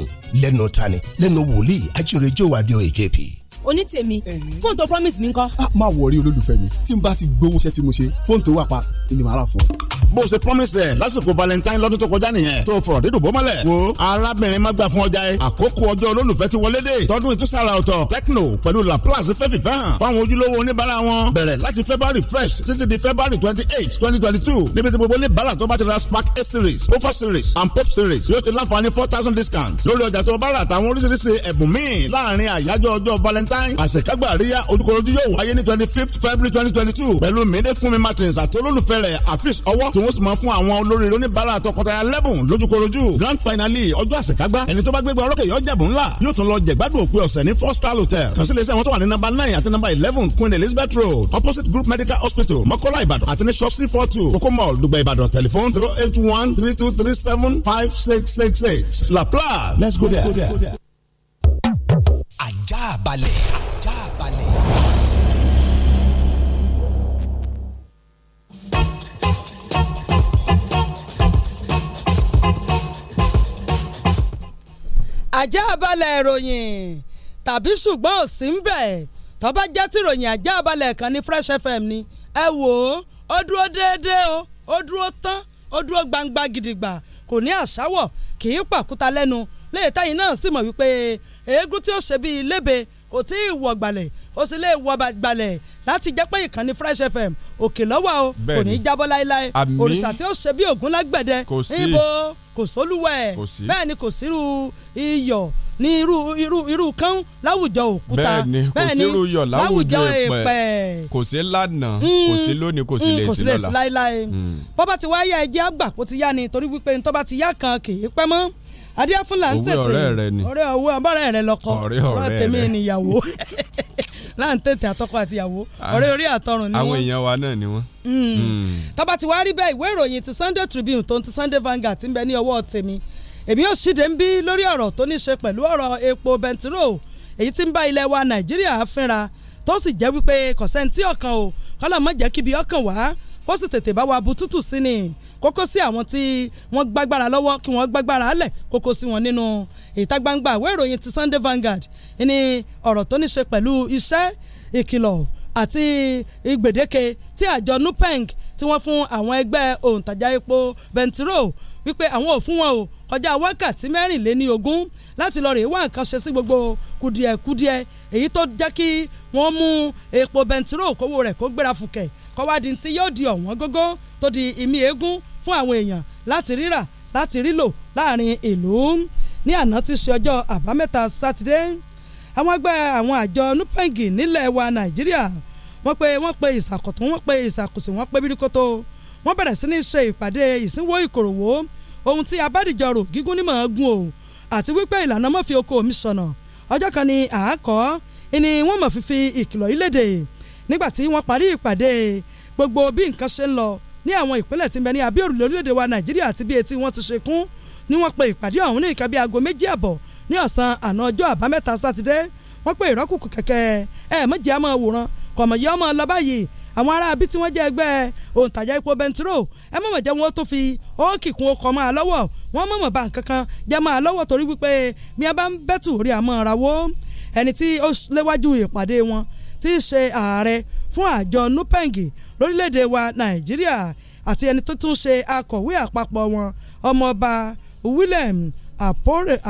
lẹ́nu tani lẹ́nu wòlíì ajínrere jẹ́ òwádìí òye jp onítèmi fóònù tó promise mi ńkọ́. Ah, má wọrí olólùfẹ́ mi tí n bá ti gbowó iṣẹ́ tí mo ṣe fóònù tó wà pa ni màá rà fún ọ. bó o ṣe promise ẹ lásìkò valentine lọ́dún tó kọjá nìyẹn tó fọ̀rọ̀ dídùn bó mọ́lẹ̀. wo arábìnrin má gbà fún ọjà ẹ àkókò ọjọ́ olólùfẹ́ ti wọlé dé tọdún ìtúsára ọ̀tọ̀ tecno pẹ̀lú laplace fẹ́ fìfẹ́ hàn fáwọn ojúlówó oníbàárà wọn bẹ̀rẹ̀ láti february fresh títí di february twenty eight twenty twenty two níbi tí gbogbo oníbàárà tó bá ti ra spark eight series pofa series and pop series yóò ti láǹfààní four thousand discount lórí ọjà tó bá rà àtàwọn oríṣiríṣi ẹ̀bùn míì láàárín àyájọ́ ọjọ́ valentine time àṣekágbà ríyá olùkọ́lójú yóò wáyé ní twenty fifth february twenty twenty two pẹ̀lú mèdè fúnmi martins àti olólùfẹ́ rẹ̀ afis ọwọ́ tí wọ́n sì mọ̀ fún àwọn olórí oníbàárà tọkọtaya lẹ́bùn lójúkọ́lójú grand finale ọjọ́ àṣekágbà ẹni tó bá gbégbá ọlọ́kẹ́ yọ jẹ̀bù ńlá yóò tún lọ jẹ̀gbádùn òpin ọ̀sẹ̀ ní four star hotel kàn sí iléeṣẹ́ wọn tó wà ní number nine àti number eleven queen elizabeth road opposite group medical hospital mọ́kọ́lá ìbàdàn àti ní shop c four two kókó mall dùgbẹ́ ìbàdàn telephone zero eight one three two three seven five six six six la pla let's go there. Let's go there balẹ̀. ajá balẹ̀. ajá balẹ̀ ìròyìn tàbí ṣùgbọ́n ò sí ń bẹ̀ tó bá jẹ́ tí ìròyìn ajá balẹ̀ kan ní Fresh FM ni ẹ wò ó ó dúró déédéé o ó dúró tán ó dúró gbangba gidigba kò ní àṣàwọ̀ kì í pàkúta lẹ́nu léyìí táyì náà sì mọ̀ wípé eégún tí ó ṣe bíi lébè kò tí ì wọ̀ gbalẹ̀ ó sì lè wọ̀ gbalẹ̀ láti jẹ́ pé ìkànnì Fresh FM òkè lọ́wọ́ o kò ní í jábọ́ láéláé òrìṣà tí ó ṣe bí ògún lágbẹ̀dẹ níbo kò sólúwẹ̀ bẹ́ẹ̀ ni kò sírú iyọ̀ ní irú irú irú kan láwùjọ òkúta bẹ́ẹ̀ ni kò sí irú iyọ̀ láwùjọ èpẹ̀ kò sí lánàá kò hmm. sí lónìí kò sí hmm, lè sí lọ́la. Hmm. bọ́bá ti wáyà ẹjẹ́ àgbà kò ti yá ni torí wípé ntọ́ ti yá kan kì í pẹ́ mọ́ adéáfún là ń tètè ọ̀rẹ́ ọwọ́ ọ̀bọ̀rẹ́ rẹ lọ́kọ ọ̀rẹ́ tèmi níyàwó là ń tètè àtọkọ àtìyàwó ah. ọ̀rẹ́ orí àtọrùn ni wọ́n. àwọn èèyàn wa náà ni wọ́n. Hmm. Hmm. tọ́ba ti wá rí bẹ́ẹ̀ ìwé ìròyìn ti Sunday Tribune tó ń ti Sunday Vanguard ti ń bẹ ní ọwọ́ tèmi èmi yóò ṣíde ń bí lórí ọ̀rọ̀ tó ní ṣe pẹ̀lú ọ̀rọ̀ epo bẹntiró èyí tí ń bá ilẹ̀ wa Nàìjíríà fínra tó sì jẹ́ wípé kọ̀sẹ́ntì ọ̀kan o kọ́lọ́ mọ̀ jẹ́ kíbi ọ̀kan wá ó sì tètè bá wa bu tútù sí ni kókó sí àwọn tí wọ́n gbágbára lọ́wọ́ kí wọ́n gbágbára lẹ̀ kókó sí wọn nínú ìta gbangba àwọn ìròyìn ti Sunday Vanguard ní ọ̀rọ̀ tó ní ṣe pẹ̀lú iṣẹ́ ìkìlọ̀ àti ìgbèdéke tí àjọ NUPENG tí wọ́n fún àwọn ẹgbẹ́ òǹtajà epo bẹntiró wípé àwọn ò fún wọn o kọjá wákàtí mẹ́rìnléní ogún láti lọ rè wá nǹkan ṣe sí gbogbo kùdìẹ̀kùdìẹ̀ èyí tó jẹ́ kí wọ́n mú epo bẹntiró kówó rẹ̀ kó gbéra fùkẹ̀ kọ́wádìí tí yóò di ọ̀wọ́n gógó tó di ìmí eégún fún àwọn èèyàn láti rírà láti rílò láàrin ìlú ní àná ti ṣe ọjọ́ àbámẹ́ta sátidé àwọn ẹgbẹ́ àwọn àjọ nupengi nílẹ̀ wa nàìjíríà wọ́n pe wọ́n pe ìsàkọ̀tún wọ́n pe ìsàkùsì wọ́n pe bíríkótó wọ́n bẹ̀rẹ̀ sí ní ṣe ìpàdé ìsínwó ìkòròwò ohun tí abádìjọrò gígùn nímọ̀ gùn o àti wípé ìlànà mọ́fi oko omi sọ̀nà ọjọ́ kan ni àákọ́ ni wọ́n mọ̀ fífi ìkìlọ̀ yìí léde nígbà tí wọ́n parí ìpàdé gbogbo bí nǹkan ṣe ń lọ ní àwọn ìpínlẹ̀ tí ń bẹ ní èdè wa Nàìjíríà àti bí etí wọ́n ti ṣe kún ni wọ́n pe ìpàdé ọ̀hún ní nǹkan bí aago méjì àbọ̀ ní ọ̀sán àná ọjọ́ àbámẹ́ta sátidé wọ́n pe ìrọ́kùkù kẹ̀kẹ́ ẹ̀ mọ̀jẹ̀ àmọ́ wòran kọ̀mọ̀yẹ́ ọmọ lọ báyìí àwọn ará abí tí wọ́n jẹ́ ẹgbẹ́ òǹtajà epo bẹntiró ẹ mọ̀mọ̀ jẹ́ wọn tó fi ókì kún ọkọ̀ máa lọ́wọ́ wọn mọ̀mọ̀ bá nǹkan kan jẹ́ máa lọ́wọ́ torí wípé bí bá ń bẹ́tù orí àmọ́ ra wo ẹni tí ó léwájú ìpàdé wọn tí í ṣe ààrẹ fún àjọ NUPENG lórílẹ̀‐èdè wa Nàìjíríà àti ẹni tó tún ṣe akọ̀wé àpapọ̀ wọn ọmọọba William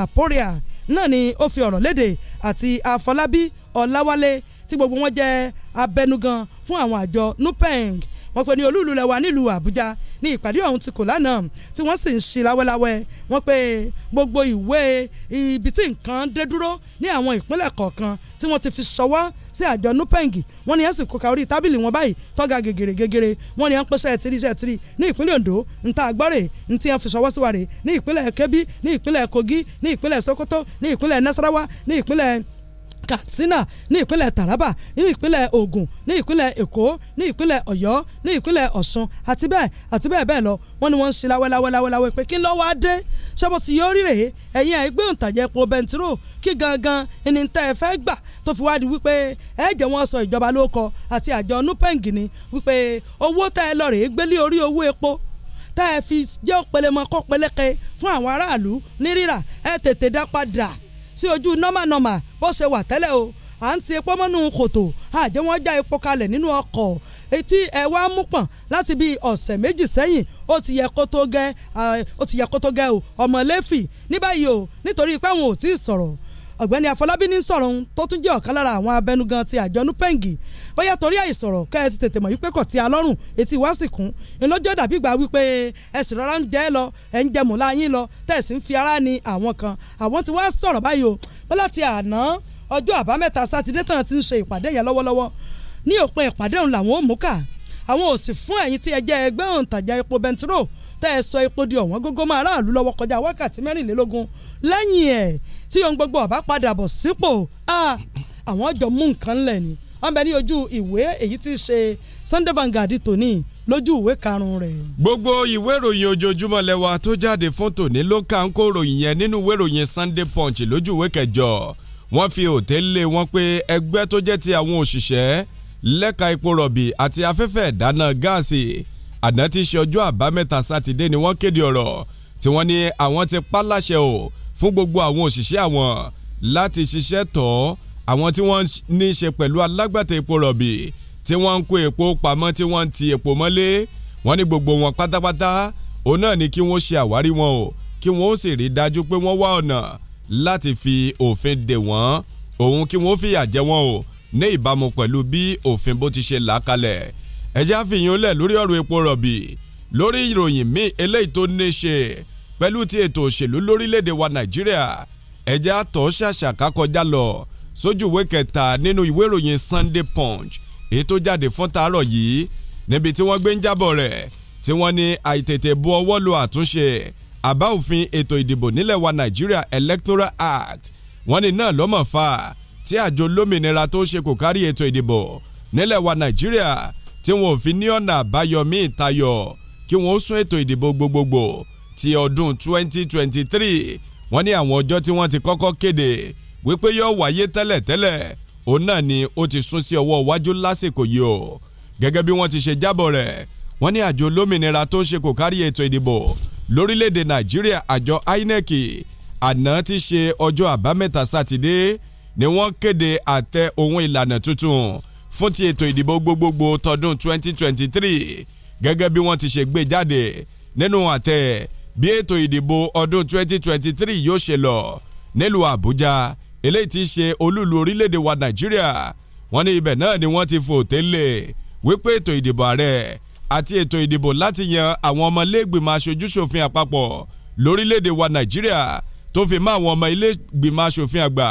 Apporea náà ni ó fi ọ̀rọ̀ léde àti Afọlábí Ọláwálé tí gbogbo wọn jẹ́ abẹnugan fún àwọn àjọ NUPENG wọ́n pe ní olúùlú rẹ̀ wà nílùú Àbújá ní ìpàdé ọ̀hún ti kò lánàá tí wọ́n sì ń ṣe láwẹ́láwẹ́ wọ́n pe gbogbo ìwé ibi tí nǹkan dé dúró ní àwọn ìpínlẹ̀ kọ̀ọ̀kan tí wọ́n ti fi ṣọwọ́ tí àjọ NUPENG wọ́n ní ẹ̀ sì kóka orí tábìlì wọn báyìí tọ́ga gègèrè gègèrè wọ́n ní ẹ̀ ń pèsè tìrì iṣẹ́ tìrì ní ìpínlẹ̀ Ondo nta àgbọ́rè ntí ẹ̀ fi sọwọ́ sí wa rè ní ìpínlẹ̀ Kebbi ní ìpínlẹ̀ Kogi ní ìpínlẹ̀ Sokoto ní ìpínlẹ̀ Nasarawa ní ìpínlẹ̀ Katsina ní ìpínlẹ̀ Taraba ní ìpínlẹ̀ ogun? ní ìpínlẹ̀ Èkó ní ìpínlẹ̀ Ọ̀yọ́ ní ìpínlẹ̀ Ọ̀ṣun àti bẹ́ẹ̀ àti bẹ́ẹ̀ bẹ́ẹ̀ lọ wọ́n ní wọ́n ń ṣe láwẹ́láwẹ́láwẹ́ pé kí n lọ́wọ́ á dé ṣé bó ti yọ orí rèé ẹ̀yin àìgbé òǹtàjẹ́ epo bẹntiró kí gangan ẹni tẹ́ ẹ fẹ́ gbà tó fi wá di wípé ẹ jẹ́ wọ́n sọ ìjọba ló kọ àti àjọ nupeng ni wípé owó tá ẹ lọ rèé gbélé orí owó epo tá ẹ fi jẹ́ òpèlémọ kọ́ fún àwọn aráàlú ní rírà ẹ tètè dá padà sí ojú nọ́mà bó ṣe wà tẹ́lẹ̀ o à ń ti epo mọ́nú kòtò àjẹ́ wọ́n já epo kalẹ̀ nínú ọkọ̀ etí ẹ wá mú pọ̀n láti bíi ọ̀sẹ̀ méjì sẹ́yìn ó ti yẹ kó tó gẹ́ ó ti yẹ kó tó gẹ́ o ní báyìí o nítorí pé àwọn ò tí ì sọ̀rọ̀ ọ̀gbẹ́ni Afọlábí ní sọ̀rọ̀ ohun tó tún jẹ́ ọ̀kan lára àwọn abẹnugan ti àjọ NUPENG bóyá torí àìsọ̀rọ̀ ká ẹ ti tètè mọ̀ wípé kò tí a lọ́rùn etí wá sì kún ńlọ́jọ́ dàbí gbà wípé ẹ sì rọra ń jẹ́ lọ ẹ ń jẹ mọ̀lá yín lọ tẹ̀sí ń fi ara ní àwọn kan àwọn ti wá sọ̀rọ̀ báyìí o wọ́n láti àná ọjọ́ àbámẹ́ta sátidé tán ti ń ṣe ìpàdé yẹn lọ́wọ́lọ́wọ́ ní òpin ìpàdé ọ̀hún làwọn ò mú kà àwọn ò sì fún ẹ̀yin tí ẹ jẹ́ ẹgbẹ́ òǹtajà epo bẹntiró tẹ́ ẹ sọ epo di ọ̀wọ́n gógó máa ráàlú lọ́wọ́ kọjá wákàtí mẹ́rìnlélógún lẹ́yìn ẹ̀ tí ohun gbogbo ọ̀bá padà bọ̀ sípò àwọn jọ mú nǹkan lẹ̀ ni wọ́n bẹ ní ojú ìwé èyí tí ṣe Sunday Vanguard tòní lójú ìwé karùn-ún rẹ̀. gbogbo ìwé ìròyìn ojoojúmọ́ lẹ́wà tó jáde fún tòní ló kà ń kó ròyìn yẹn nínú ìwé ìròyìn Sunday Punch lójú ìwé kẹjọ wọ́n fi òtẹ́ lé wọn pé ẹgbẹ́ tó jẹ́ ti àwọn òṣìṣẹ́ lẹ́ka epo rọ̀bì àti afẹ́fẹ́ ìdáná gáàsì àná ti ṣe ọjọ́ àbámẹ́ta sátidé ni wọ́n kéde ọ̀rọ̀ tí wọ́n ní àwọn ti pa láṣẹ o fún gbogbo àwọn òṣìṣẹ́ àwọn láti ṣiṣẹ́ tọ́ àwọn tí wọ́n ní í ṣe pẹ̀lú alágbàtà epo rọ̀bì tí wọ́n ń kó epo pamọ́ tí wọ́n ń ti epo mọ́lé wọ́n ní gbogbo wọn pátápátá òun náà ni kí wọ́n ṣe àwárí wọn o kí wọ́n sì rí dájú pé wọ́n wá ọ̀nà láti fi òfin dè wọ́n òun kí wọ́n fìyà jẹ wọ́n o ní ìbámu pẹ̀lú bí òfin bó ti ṣe là á kalẹ̀ ẹ̀já fìyàn lẹ̀ lórí ọ̀rọ̀ epo rọ̀bì lórí ìròyìn míì eléyìí tó ní ṣe pẹ̀lú ti ètò òṣèlú lórílẹ̀‐èdè wa nàìjíríà ẹ̀jẹ̀ àtọ̀ ṣàṣàkà kọjá lọ sójú ìwé kẹta nínú ìwé ìròyìn Sunday Punch èyí tó jáde fún tàárọ̀ yìí níbi tí wọ́n gbé ń jábọ̀ rẹ̀ tí wọ́n ní àìtètè bu ọwọ́ lu àtúnṣe àbá òfin ètò ìdìbò nílẹ̀ wa nàìjíríà Electoral Act wọ́n ní náà lọ́mọ̀ fa tí àjọ olómìnira tó ṣe kò kárí ètò ìdìbò nílẹ̀ wa nàìjíríà tí wọn ò fi ní ọ̀nà àbáyọ míì tayọ kí wọn ó sún ètò ìdìbò gbogbogbò ti ọdún 2023 wọ́n ní àwọn ọjọ́ tí wọ́n ti kọ́kọ́ kéde wípé yóò wáyé tẹ́lẹ̀tẹ́lẹ̀ òun náà ni ó ti sún sí ọwọ́ iwájú lásìkò yìí o gẹ́gẹ́ bí wọ́n ti ṣe jábọ̀ rẹ̀ wọ́n ní àjọ olómìnira tó ń ṣe kò kárí ètò ìdìbò lórílẹ̀‐èdè nàìjíríà àjọ INEC àná ti ṣe ọjọ́ àbámẹ́ta sátidé ni wọ́n kéde àtẹ ohun ìlànà tuntun fún ti ètò ìdìbò gbogbogbò tọdún 2023 gẹ́gẹ́ bí wọ́n ti ṣe gbé jáde nínú àtẹ bí ètò ìdìbò ọdún 2023 yóò ṣe lọ nílùú Àbújá eléyìí ti ṣe olúlu orílẹ̀-èdè wa Nàìjíríà wọ́n ní ibẹ̀ náà ni wọ́n ti fò tẹ́lẹ̀ wípé ètò ìdìbò ààrẹ àti ètò ìdìbò láti yan àwọn ọmọ iléègbìmọ̀ aṣojúṣòfin àpapọ̀ lórílẹ̀-èdè wa Nàìjíríà tó fi mọ́ àwọn ọmọ iléègbìmọ̀ aṣòfin àgbà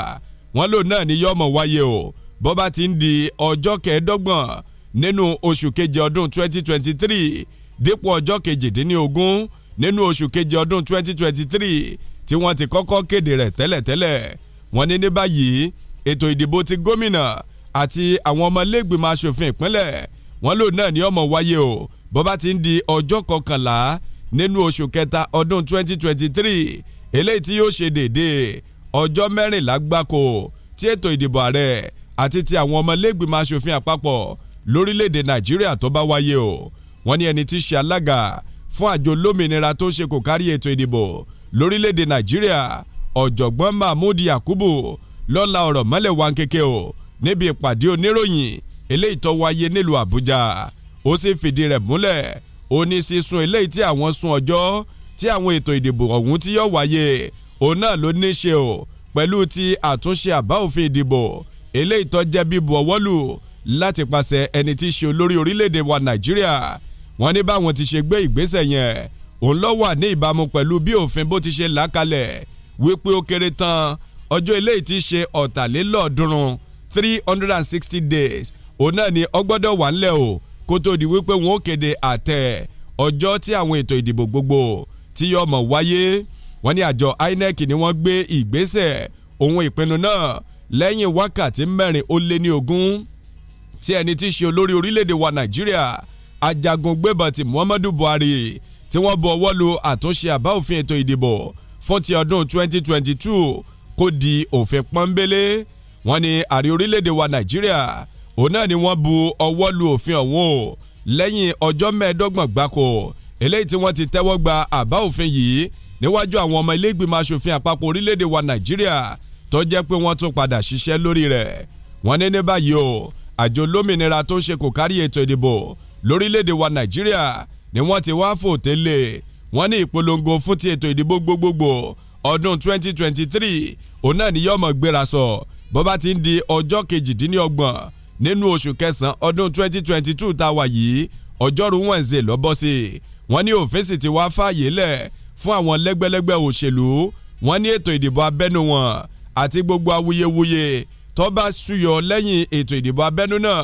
wọ́n lò náà ní yọmọ wáyé o bó bá ti ń di ọjọ́ kẹẹ̀ẹ́dọ́gbọ̀n nínú oṣù keje ọdún 2023 dípò ọjọ́ kejìdínlógún nínú oṣù keje ọdún 2023 tí wọ́n ti kọ́kọ́ kéde rẹ̀ tẹ́lẹ̀tẹ́lẹ̀ wọ́n ní ní báyìí ètò ìdìbò ti gómìnà àti àwọn ọmọlẹ́gbìmọ̀ aṣòfin ìpínlẹ̀ wọ́n lò náà ní ọmọ wáyé o bó bá ti ń di ọjọ́ kọkànlá nínú oṣù kẹta ọdún 2023 eléyìí tí yóò ṣe déédéé ọjọ́ mẹ́rìnlá gbáko tí ètò ìdìbò ààrẹ àti ti àwọn ọmọlẹ́gbìmọ̀ aṣòfin àpapọ̀ lórílẹ̀‐èdè nàìjíríà tó bá wáyé o wọ́n ní ẹni tí ṣe alága fún àjọ lómìnira tó ṣe kò kárí ètò ìdìbò lórílẹ̀‐èdè nàìjíríà ọ̀jọ̀gbọ́n mahmood yakubu lọ́la ọ̀rọ̀ mọ́lẹ̀ wá kéke o níbi ìpàdé oníròyìn eléyìí tó wáyé nílùú àbújá ó sì fìdí rẹ̀ múlẹ̀ ó ní sísun eléyìí tí àwọn sún ọjọ́ tí àwọn ètò ìdìbò ọ̀hún ti yọ wáyé òun náà ló ní ṣe o pẹ̀lú ti àtúnṣe àbá òfin ìdìbò eléyìí tó jẹ́ bíbu ọwọ́ lù láti pàṣẹ ẹni tí ṣe olórí orílẹ̀-èdè wa nàìjíríà wọ́n ní báwọn ti ṣe gbé ìgbésẹ̀ yẹn òun ló wà ní ìbámu pẹ̀lú bí òfin bó ti ṣe làkalẹ̀ wípé ó kéré tán ọjọ́ eléyìí ti ṣe ọ̀tàlélọ́ọ̀ọ́dúnrún three hundred and sixty days òun náà ni ọgbọ́dọ̀ wà ńlẹ̀ o kó tó di wípé wọn ó kéde àtẹ ọjọ́ tí àwọn ètò ìdìbò gbogbo tí yóò mọ̀ wáyé wọ́n ní àjọ INEC ni wọ́n gbé ìgbésẹ̀ ohun ìpinnu náà lẹ́yìn wákàtí mẹ́rin ó lé ní ogún tí ẹni tí í ṣe olórí orílẹ̀-èdè wa Nàìjíríà ajagun gbébọn ti Muhammadu Buhari tí wọ́n bu ọwọ́ lu àtúnṣe àbá òfin ètò ìdìbò fún ti ọdún 2022 kó di òfin pọ́nbélé wọ́n ní àrí orílẹ̀-èdè wa Nàìjíríà òun náà ni wọ́n bu ọwọ́ lu òfin ọ̀hún o lẹ́yìn ọjọ́ mẹ́ẹ̀ẹ́dọ́gbọ̀n gbáko eléyìí tí wọ́n ti tẹ́wọ́ gba àbá òfin yìí níwájú àwọn ọmọ ilé ìgbìmọ̀ asòfin àpapọ̀ orílẹ̀-èdè wa Nàìjíríà tó jẹ́ pé wọ́n tún padà ṣiṣẹ́ lórí rẹ̀ wọ́n ní ní báyìí o àjọ olómìnira tó ń ṣe kò kárí ètò ìdìbò lórílẹ̀‐èdè wa nàìjíríà ni wọ́n ti wá fòté lé wọ́n ní ìpolongo fún ti ètò ìdìbò gbogbogbò ọdún 2023 òun náà ni yọmọ gbéra sọ bó bá ti ń di ọjọ́ kejìdínlọ́gbọ̀n nínú oṣù kẹsàn-án ọdún 2022 tá a wà yìí ọjọ́rú Wednesday lọ́bọ̀ sí i wọ́n ní òfin sì ti wá fààyè lẹ̀ fún àwọn lẹ́gbẹ́lẹ́gbẹ́ òṣèlú wọ́n ní ètò ìdìbò abẹ́nú wọn àti gbogbo awuyewuye tó bá súyọ lẹ́yìn ètò ìdìbò abẹ́nú náà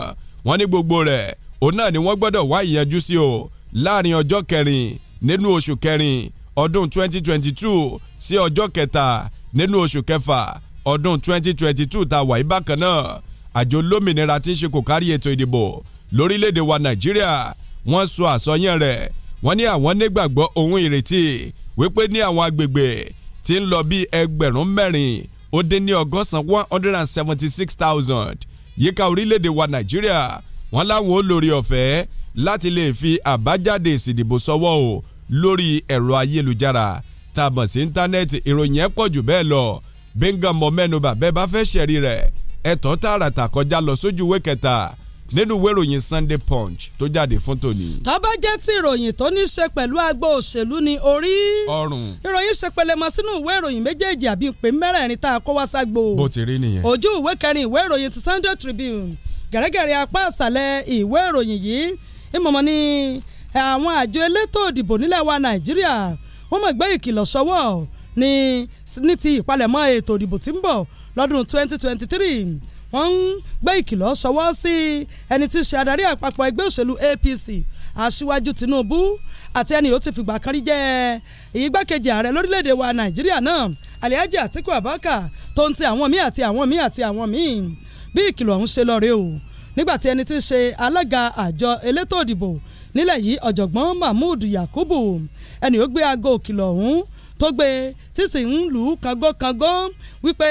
wọ́n ní gbogbo rẹ̀ òun náà ni wọ́n gbọ́dọ̀ wá ìyanjú sí o láàrin ọjọ́ kẹrin nínú oṣù kẹrin ọdún 2022 sí ọjọ́ kẹta nínú oṣù kẹfà ọdún 2022 ta wà bákan náà àjọ olómìnira tí ń ṣe kò kárí ètò ìdìbò lórílẹ̀‐èdè wa nàìjíríà wọ́n sọ àsọyàn rẹ̀ wọ́n ní àwọn nígbàgbọ́ ohun ìrètí wípé ní àwọn agbègbè tí ń lọ bí ẹgbẹ̀rún mẹ́rin ó dín ní ọgọ́sàn one hundred and seventy six thousand yíká orílẹ̀‐èdè wa nàìjíríà wọ́n láwọn olórí ọ̀fẹ́ láti lè fi àbájáde ìsìdìbò sọ́wọ́ o lórí ẹ̀rọ ayélujára tàbọ̀ sí íńtánẹ́ẹ̀tì ìròyìn ẹ̀ pọ̀ jù bẹ́ẹ̀ lọ Bingham mọ mẹ́nuba bẹ́ẹ̀ bá fẹ́ ṣẹ̀rí rẹ̀ ẹ̀tọ́ tààràtà kọjá lọ sójú ìwé kẹta nínú ìwé ìròyìn Sunday Punch tó jáde fún tòní. tó bá jẹ́ tí ìròyìn tó ní í ṣe pẹ̀lú agbo òṣèlú ni orí. ọrùn. ìròyìn ṣe pẹlẹmọ sínú ìwé ìròyìn méjèèjì àbí ìpè mẹ́rẹ̀ẹ̀rin tá a kó wá ságbo. bó ti rí nìyẹn. ojú ìwé kẹrin ìwé ìròyìn ti Sunday Tribune gẹ̀rẹ́gẹ̀rẹ́ apá àṣàlẹ̀ ìwé ìròyìn yìí ìmọ̀mọ́ ni àwọn àjọ elétò òdìbò nílẹ̀ wa nàìjíríà wọ́n mọ̀ gbé ìkìlọ̀ sọ́wọ́ ní ní ti ìpalẹ̀mọ́ ètò òdìbò tí ń bọ̀ lọ́dún 2023 wọ́n ń gbé ìkìlọ̀ sọ́wọ́ sí ẹni tí í ṣe adarí àpapọ̀ ẹgbẹ́ òṣèlú APC aṣíwájú Tinubu àti ẹni yóò ti fìgbà kan rí jẹ́ igbákejì ààrẹ lórílẹ̀ wa Nàìjíríà náà Alhaji Atiku Abubakar tó ń ti àwọn míì àti àwọn míì àti àwọn míì bí ìkìlọ̀ ọ̀hún ṣe lọ rèé o nígbàtí ẹni tí í ṣe alága àjọ elétò òdìbò nílẹ̀ yìí ọ̀jọ̀gbọ́n mahmood yakubu ẹni ó gbé aago òkìlọ̀ ọ̀hún tó gbé e, tí sì ń lù ú kangókangó wípé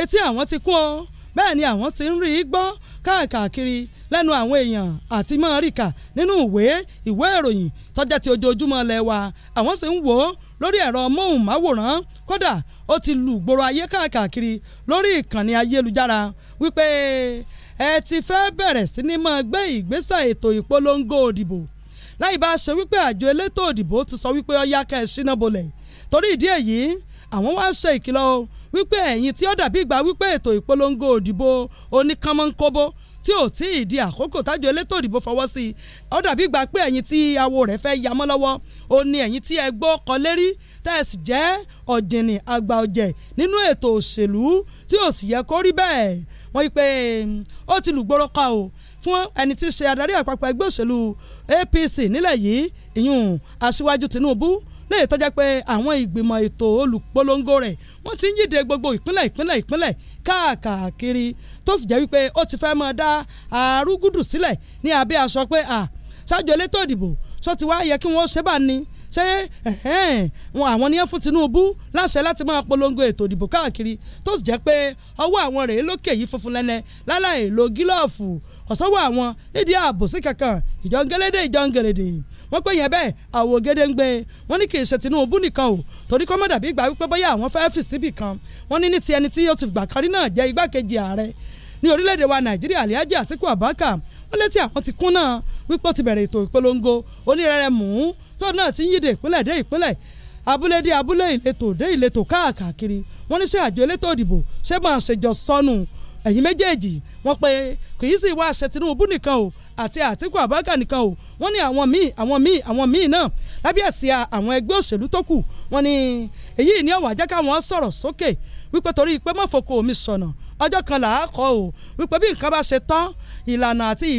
etí àwọn ti kún ọ bẹ́ẹ̀ ni àwọn ti ń rí i gbọ́ káàkiri lẹ́nu àwọn èèyàn àti mọ́ ríkà nínú ìwé ìwé ìròyìn tọ́jà ti ojoojúmọ́ lẹ̀ wa àwọn sì ń wò ó lórí ẹ̀rọ móhùnmáwòrán kódà ó ti lù gbòòrò ayé káàkiri lórí ìkànnì ayélujára wípé ẹ ti fẹ́ bẹ̀rẹ̀ sí ni máa gbé ìgbésẹ̀ ètò ìpolongo òdìbò láì bá a ṣe wípé àjọ elétò òdìbò ti sọ wípé ọyá ká ẹ ṣínà bolẹ̀ torí ìdí èyí àwọn wá ń ṣe ìkìlọ̀ o wípé ẹ̀yìn tí ó dàbí ìgbà wípé ètò ìpolongo òdìbò oníkánmọ́nkóbó tí ò tí ì àkókò tájọ elétò òdìbò fọwọ́ sí i dàbí ìgbà pé ẹ̀yìn tí awo rẹ̀ fẹ́ yamọ́ lọ́wọ́ ó ní ẹ̀yìn tí ẹ gbọ́ kọ lérí tẹ́sí jẹ́ ọ̀jìnì àgbà ọ̀jẹ̀ nínú ètò òṣèlú tí ò sì yẹ kó rí bẹ́ẹ̀ wọ́n yí pé ó ti lùgbòrò kan o fún ẹni tí í ṣe adarí àpapọ̀ ẹgbẹ́ òṣèlú APC nílẹ̀ yìí ìyún aṣíwájú Tinubu lẹ́yìn tó jẹ́ pé àwọn ìgbìmọ̀ ètò olùpolongo rẹ̀ wọ́n ti ń yíde gbogbo ìpínlẹ̀ ìpínlẹ̀ ìpínlẹ̀ káàkiri tó sì jẹ́ wípé ó ti fẹ́ máa dá àrùgùdù sílẹ̀ ní abẹ́ aṣọ pé ṣáájú elétò ìdìbò sọ ti wá yẹ kí wọ́n ṣe bá ní ṣé wọn àwọn ní ẹ fún Tinubu láṣẹ láti máa polongo ètò ìdìbò káàkiri tó sì jẹ́ pé ọwọ́ àwọn rèé lókè yìí funfun lẹ́nẹ́ láláì lo gílọ́ọ̀fù ọ̀sọ́wọ́ àwọn nídìí àbòsí kankan ìjọ́ngẹ́lédè ìjọ́ngẹ́lédè wọ́n pé yẹn bẹ́ẹ̀ àwò gédéǹgbé wọ́n ní kì í ṣe Tinubu nìkan o torí kọ́ mọ̀dàbí gbà wípé bóyá àwọn fẹ́ẹ́ fi síbì kan wọ́n ní ní ti ẹni tí ó ti gbà kárí náà jẹ́ igbákejì ààrẹ ní orílẹ̀-èdè wa Nàìjíríà Alhaji Atiku Abubakar wọ́n létí àwọn ti kún náà wípé ó ti bẹ̀rẹ̀ ètò ìpolongo onírẹ̀rẹ̀ mú tó náà ti ń yíde ìpínlẹ̀ dé ìpínlẹ̀ abúlé dé abúlé ìletò dé ìletò káàkiri wọ́n ní ṣé àjọ elétò òdìbò ṣé máa ṣèjọ sọnù ẹ̀yin méjèèjì wọ́n pe kì í sì wá àṣẹ Tinubu nìkan o àti Àtíkù Abubakar nìkan o wọ́n ní àwọn míì àwọn míì àwọn míì náà lábẹ́ àsíá àwọn ẹgbẹ́ òṣèlú tó kù wọ́n ní èyí ni ọ̀wà jẹ́ káwọn sọ̀rọ̀ sókè wípé torí pé mọ̀fọ́kọ mi sọ̀nà ọjọ́ kan là o wípé bí nǹkan bá ṣe tán ìlànà àti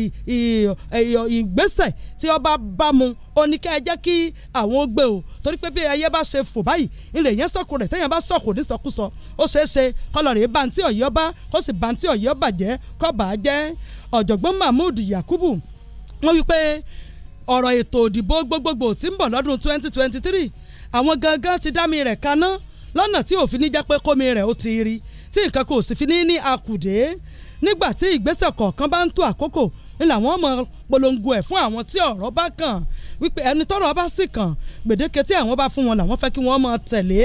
ìgbésẹ̀ tí ọba bá mu ó ní kẹ́ ẹ jẹ́ kí àwọn ó gbé o torí pé bí ẹyẹ bá ṣe fò báyìí ilẹ̀ yẹn sọ̀kò rẹ̀ téèyàn bá sọ̀kò ní sọkúsọ ó ṣeé ṣe kọlọ̀ rèé bantí ọ̀yọ́ bá kó sì bantí ọ̀yọ́ bàjẹ́ kọ́ bàá jẹ́ ọ̀jọ̀gbọ́n Mahmood Yakubu wọ́n wí pé ọ̀rọ̀ ètò òdìbò gbogbogbò tí ń bọ̀ lọ́dún 2023 àwọn gangan ti dá mi rẹ̀ kaná lọ́nà tí òfin ní jẹ́ pé kómi rẹ̀ ó ti rí tí nǹkan kò sì fi ní ní akùdé nígbà tí ìgbésẹ̀ kọ̀ọ̀kan bá ń tó àkókò ni làwọn mọ polongo ẹ̀ fún àwọn tí ọ̀rọ̀ bá kàn wípé ẹni tọ́rọ̀ bá sì kàn gbèdéke tí àwọn bá fún wọn làwọn fẹ́ kí wọ́n mọ tẹ̀lé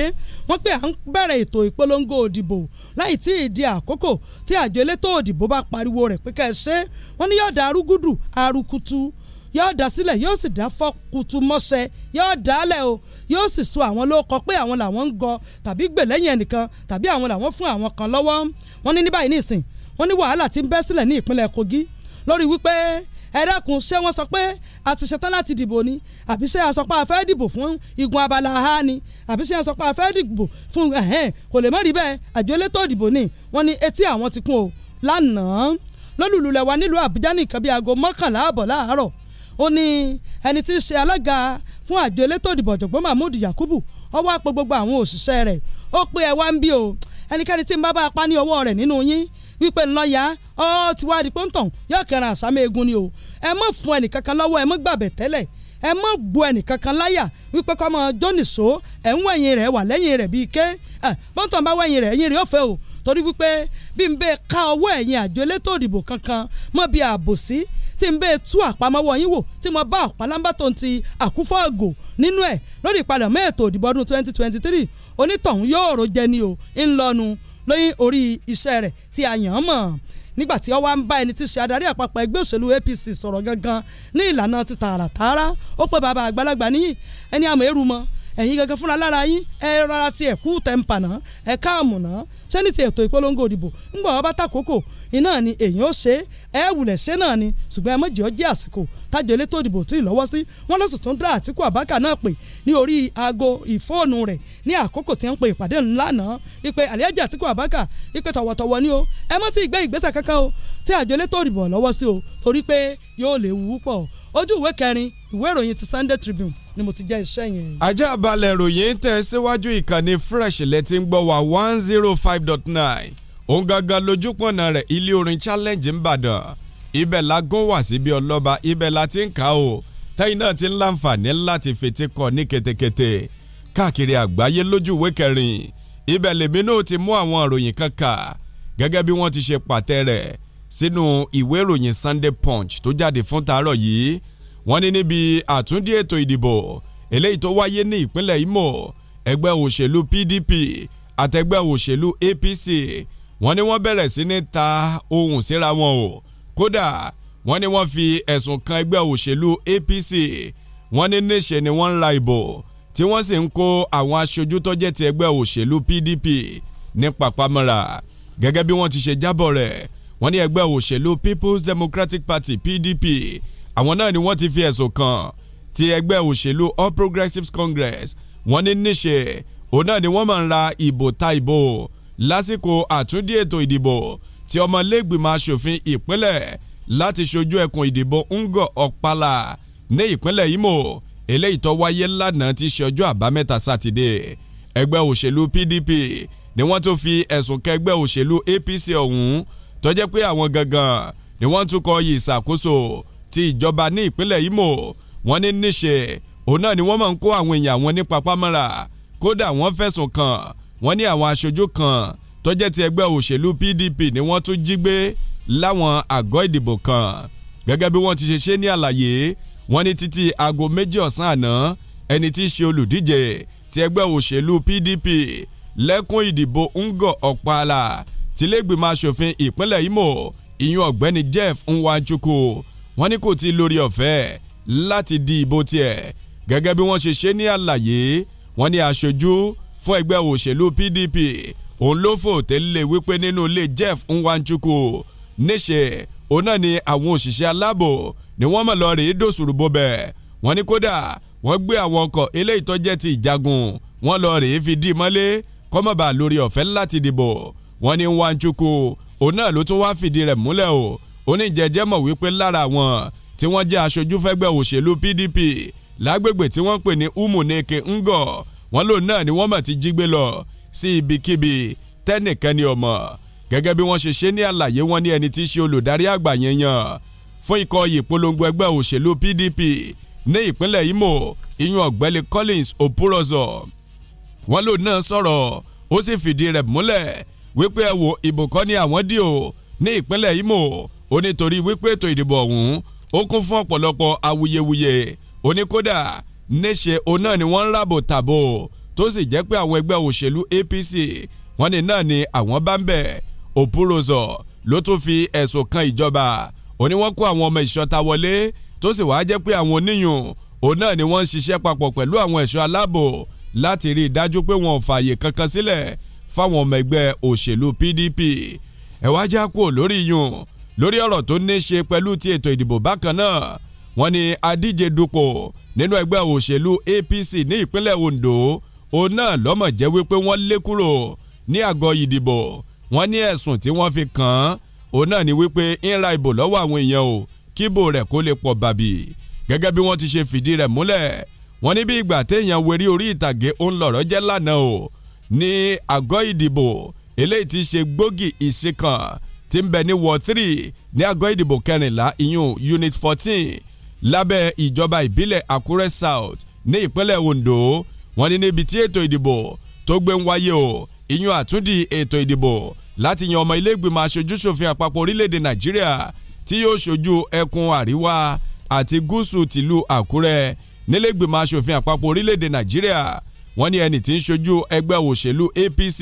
wọ́n pé à ń bẹ̀rẹ̀ ètò ìpolongo òdìbò láì tí ì di àkókò tí àjọ elétò òdìbò bá pariwo rẹ̀ pé ká ẹ ṣe yóò da arúgúdù arukutu yóò dá sílẹ̀ yóò sì dá fọ́kutu mọ́ṣẹ́ yóò dálẹ̀ o yóò sì so àwọn ló kọ pé àwọn làwọn ń gọ tàbí gbèlẹ́yìn ẹnìkan tàbí àwọn làwọn fún àwọn kan lọ́wọ́ wọ́n ní ní báyìí nísìnyí wọ́n ní wàhálà ti ń bẹ́ sílẹ̀ ní ìpínlẹ̀ Kogi lórí wípé ẹ dákun ṣé wọ́n sọ pé a ti ṣetán láti dìbò ni àbí ṣé a sọ pé a fẹ́ dìbò fún igun abala ha ni àbí ṣé a sọ pé a fẹ́ dìbò fún ẹ̀hẹ́n kò lè má rí bẹ́ẹ̀ àjọ elétò ìdìbò ni wọ́n ní etí àwọn ti kún o lánàá lólùlùlẹ̀ wa nílùú Àbújá ní nǹkan bíi aago mọ́kànlá àbọ̀ láàárọ̀ ó ní ẹni tí í ṣe alága fún àjọ elétò ìdìbò ọ̀jọ̀gbọ́n Mahmood Yakubu ó wá pe gbogbo àwọn òṣìṣẹ́ rẹ̀ ó pe ẹ̀ wá ń bí o ẹnikẹ́ni tí ń bá bá a pa ní ọwọ́ rẹ̀ nínú yín wípé ńlọ́yà ọ́ ti wá di pọ́ńtàn yóò kẹran àsámẹ́ egun ni o ẹ má fún ẹnìkankan lọ́wọ́ ẹ má gbàbẹ̀ tẹ́lẹ̀ ẹ má bu ẹnìkankan láyà wípé kọ́mọ jónìṣó ẹ̀ ń wẹ̀yìn rẹ̀ wà lẹ́yìn rẹ̀ bíi ké pọ́ńtàn bá wẹ̀yìn rẹ̀ ẹ̀yìn rẹ̀ yóò fẹ́ o torí wípé bí n bẹ́ẹ̀ ká ọwọ́ ẹ̀yìn àjọ elétò òdìbò kankan mọ́ bíi àbòsí tí n bẹ́ẹ̀ tú àpamọ́wọ́ yín wò tí mo bá ọ̀pálámbá tó ń ti àkúfọ́ nínú ẹ̀ lórí ìpalẹ̀mọ́ ètò òdìbò ọdún twenty onítọ̀hún yóò rò jẹ ni o ńlọnu lóyún orí iṣẹ́ rẹ̀ tí a yàn án mọ̀ nígbà tí ó wá ń bá ẹni tí ṣe adarí àpapọ̀ ẹgbẹ́ òṣèlú APC sọ̀rọ̀ gangan ní ìlànà ti tààràtààrà ó pè bàbá àgbàlagbà níyì ẹni àmọ̀ èrú mọ́ ẹ̀yin gangan fúnra lára yín ẹ rárá tiẹ̀ kú tẹ̀m̀pà náà ẹ káàmù náà ṣé ní ti ètò ìpolongo òdìbò ńgbà wọn bá tàkókò iná ni èyàn ó ṣe é ẹ wulẹ̀ ṣe náà ni ṣùgbọ́n ẹ mọ̀jẹ̀ ọjẹ́ àsìkò tájọ elétò ìdìbò tí ì lọ́wọ́ sí wọ́n lọ́sùn tó ń dá Àtíkù Àbákà náà pè ní orí aago ìfóònù rẹ̀ ní àkókò tí ń pe ìpàdé ńlá náà ipe àlẹ́jà Àtíkù Àbákà ipe tọ̀wọ̀tọ̀wọ̀ ni o ẹ mọ̀ ti gbé ìgbésẹ̀ kankan o tí àjọ elétò ìdìbò lọ́wọ́ sí o torí pé yóò lè wú pọ̀ ojú ìwé kẹrin ìwé ìròyìn ti Sunday Tribune ni mo ti jẹ́ iṣẹ́ yẹn. ajá balẹ̀ ìròyìn tẹ̀ síwájú ìkànnì fresh lẹ́tí ń gbọ́ wa one zero five dot nine òun gangan lójú pọ̀nà rẹ̀ ilé orin challenge ńbàdàn ibẹ̀ la gún wá síbi ọlọ́ba ibẹ̀ la ti ń kà ó tẹ́yìn náà ti ń láǹfààní láti fetí kọ ní ketekete káàkiri àgbáyé lójú ìwé kẹrin ibẹ̀ lèmi náà ti mú àwọn ìròyìn kan kà gẹ́gẹ́ bí wọ́n ti ṣe pàtẹ rẹ̀ sínú ìwé ìròyìn Sunday Punch tó jáde fún tàárọ̀ yìí wọ́n ní níbi àtúndí ètò ìdìbò eléyìí tó wáyé ní ìpínlẹ̀ Imo ẹgbẹ́ òṣèlú PDP àtẹgbẹ́ òṣèlú APC wọ́n ní wọ́n bẹ̀rẹ̀ sí ní ta ohun síra wọn o kódà wọ́n ní wọ́n fi ẹ̀sùn kan ẹgbẹ́ òṣèlú APC wọ́n ní níṣe ni wọ́n ń ra ìbò tí wọ́n sì ń kó àwọn aṣojú tó jẹ́ ti ẹgbẹ́ òṣèlú PDP ní pàpamọ́ra gẹ́gẹ́ bí wọ́n ti ṣe jábọ̀ rẹ̀ wọ́n ní ẹgbẹ́ òṣèlú People's Democratic Party PDP àwọn náà ni wọ́n ti fi ẹ̀sùn kan ti ẹgbẹ́ òṣèlú All Progressives Congress wọ́n ní níṣe òun náà ni wọ́n máa ń ra ìbò ta ìbò lásìkò àtúndí ètò ìdìbò tí ọmọlẹ́gbìmọ̀ asòfin ìpínlẹ̀ láti ṣojú ẹkùn ìdìbò ngo ọ̀pálá ní ìpínlẹ̀ Imo eléyìí tó wáyé lánàá ti ṣe ọjọ́ àbámẹ́ta sátidé ẹgbẹ́ òṣèlú PDP ni wọ́n tún fi ẹ̀sùn kẹgbẹ́ òṣèlú APC ọ̀hún tó jẹ́ pé àwọn gangan ni wọ́n tún kọ yìí ìṣàkóso ti ìjọba ní ìpínlẹ̀ Imo wọ́n ní níṣe òun náà ni wọ́n máa ń kó àwọn èèyàn wọn ní papámọ́ra kódà wọ́n fẹ̀sùn kàn wọ́n ní àwọn aṣojú kan tó jẹ́ ti ẹgbẹ́ òṣèlú PDP ni wọ́n tún jí gbé láwọn àgọ́ ìdìbò kan gẹ́gẹ́ bí wọ́n ti ṣe ṣe ní àlàyé wọ́n ní títí aago méjì ọ̀sán àná ẹni tí í ṣe olùdíje ti ẹgbẹ́ òṣèlú PDP lẹ́kùn ìdìbò Ngo Okpala tilégbìmọ̀ asòfin ìpínlẹ̀ Imo ìyún ọ̀gbẹ́ni Jeff Nwanchukwu wọ́n ní kò ti lórí ọ̀fẹ́ láti di ìbò tiẹ̀ gẹ́gẹ́ bí wọ́n ṣe ṣe ní àlàyé wọ́n ní aṣojú fún ẹgbẹ́ òṣèlú PDP òun ló fò tẹ́lẹ̀ wípé nínú ilé Jeff Nwanchukwu níṣe òun náà ni àwọn òṣìṣẹ́ aláàbò ni wọ́n mọ̀ lọ rèé dòṣùrù bọ́bẹ̀ wọ́n ní kódà wọ́n gbé àwọn ọkọ̀ eléyìí tó ti ìjagun wọ́n lọ rèé fi dì mọ́lé kọ́mọ̀bà lórí ọ̀fẹ́ láti dìbò wọ́n ní Nwanchukwu òun náà ló tún wá fìdí rẹ̀ múlẹ̀ o oníjẹjẹ́ mọ̀ wípé lára wọn tí wọ́n jẹ́ aṣojú fẹ́gbẹ́ òṣèlú PDP lágbègbè tí wọ́n pè ní Umuneke Ngọ̀ wọ́n lòun náà ni wọ́n mọ̀ ti jí gbé lọ sí ibikíbi tẹ́nìkan ni ọmọ gẹ́gẹ́ bí wọ́n ṣe ṣe ní àlàyé wọn ní ẹni tí í ṣe olùdarí àgbà yẹn yàn fún ikọ̀ ìpolongo ẹgbẹ́ òṣèlú PDP ní ìpínlẹ̀ Imo ìyún ọ̀gbẹ́lẹ̀ Collins Opurozo wọ́n lòun náà sọ̀rọ̀ ó sì fìdí rẹ̀ múlẹ̀ wípé ẹ wo ìbò kọ́ ni àwọn dì o ní ìpínlẹ̀ Imo ó nítorí wípé ètò ìdìbò ọ̀hún ó kún fún ọ̀pọ̀lọpọ̀ awuyewuye ó níṣe òun náà ni wọ́n ń ràbò tàbò tó sì jẹ́ pé àwọn ẹgbẹ́ òṣèlú APC wọ́n ní náà ni àwọn bá ń bẹ̀ òpúròsọ ló tún fi ẹ̀sùn kan ìjọba ó ní wọ́n kó àwọn ọmọ ìṣọ́ta wọlé tó sì wáá jẹ́ pé àwọn oníyùn òun náà ni wọ́n ń ṣiṣẹ́ papọ̀ pẹ̀lú àwọn ẹ̀ṣọ́ aláàbò láti rí i dájú pé wọn ò fààyè kankan sílẹ̀ fáwọn ọmọ ẹgbẹ́ òṣèlú PDP ẹ wá já kúrò lórí yùn lórí ọ̀rọ̀ tó ní ṣe pẹ̀lú ti ètò ìdìbò bákan náà wọ́n ní adíje dupò nínú ẹgbẹ́ òṣèlú APC ní ìpínlẹ̀ Ondo òun náà lọ́mọ̀ jẹ́ wípé wọ́n lé kúrò ní àgọ́ ìdìbò wọ́n ní ẹ̀sùn tí wọ́n fi kàn án òun náà ni wípé ń ra ìbò lọ́wọ́ àwọn èèyàn o kíbò rẹ̀ kó lè pọ̀ bàbí gẹ́gẹ́ bí wọ́n ti ṣe fìdí rẹ̀ múlẹ̀ wọ́n ní bí ìgbà téèyàn werí orí ìtàgé òun lọ̀rọ̀ jẹ́ lánàá o ní àgọ́ ìdìbò eléyìí ti ṣe gbógi ìṣe kan ń bẹ ní ward three ní àgọ́ ìdìbò kẹrìnlá ìyún unit fourteen lábẹ́ ìjọba ìbílẹ̀ Àkúrẹ́ South ní ìpínlẹ̀ Ondo wọ́n ní níbi tí ètò ìdìbò tó gbé ń wáyé o ìyún àtúndì ètò ìdìbò láti yan ọmọ ilé ìgbìmọ̀ aṣojúṣòfin àpapọ̀ orílẹ̀-èdè Nàìjíríà tí yóò ṣojú ẹkùn àríwá àti gúúsù tìlú Àkúrẹ́ nílé ìgbìmọ̀ aṣòfin àpapọ̀ orílẹ̀-èdè Nàìjíríà wọ́n ní ẹni tí ń ṣojú ẹgbẹ́ òṣèlú APC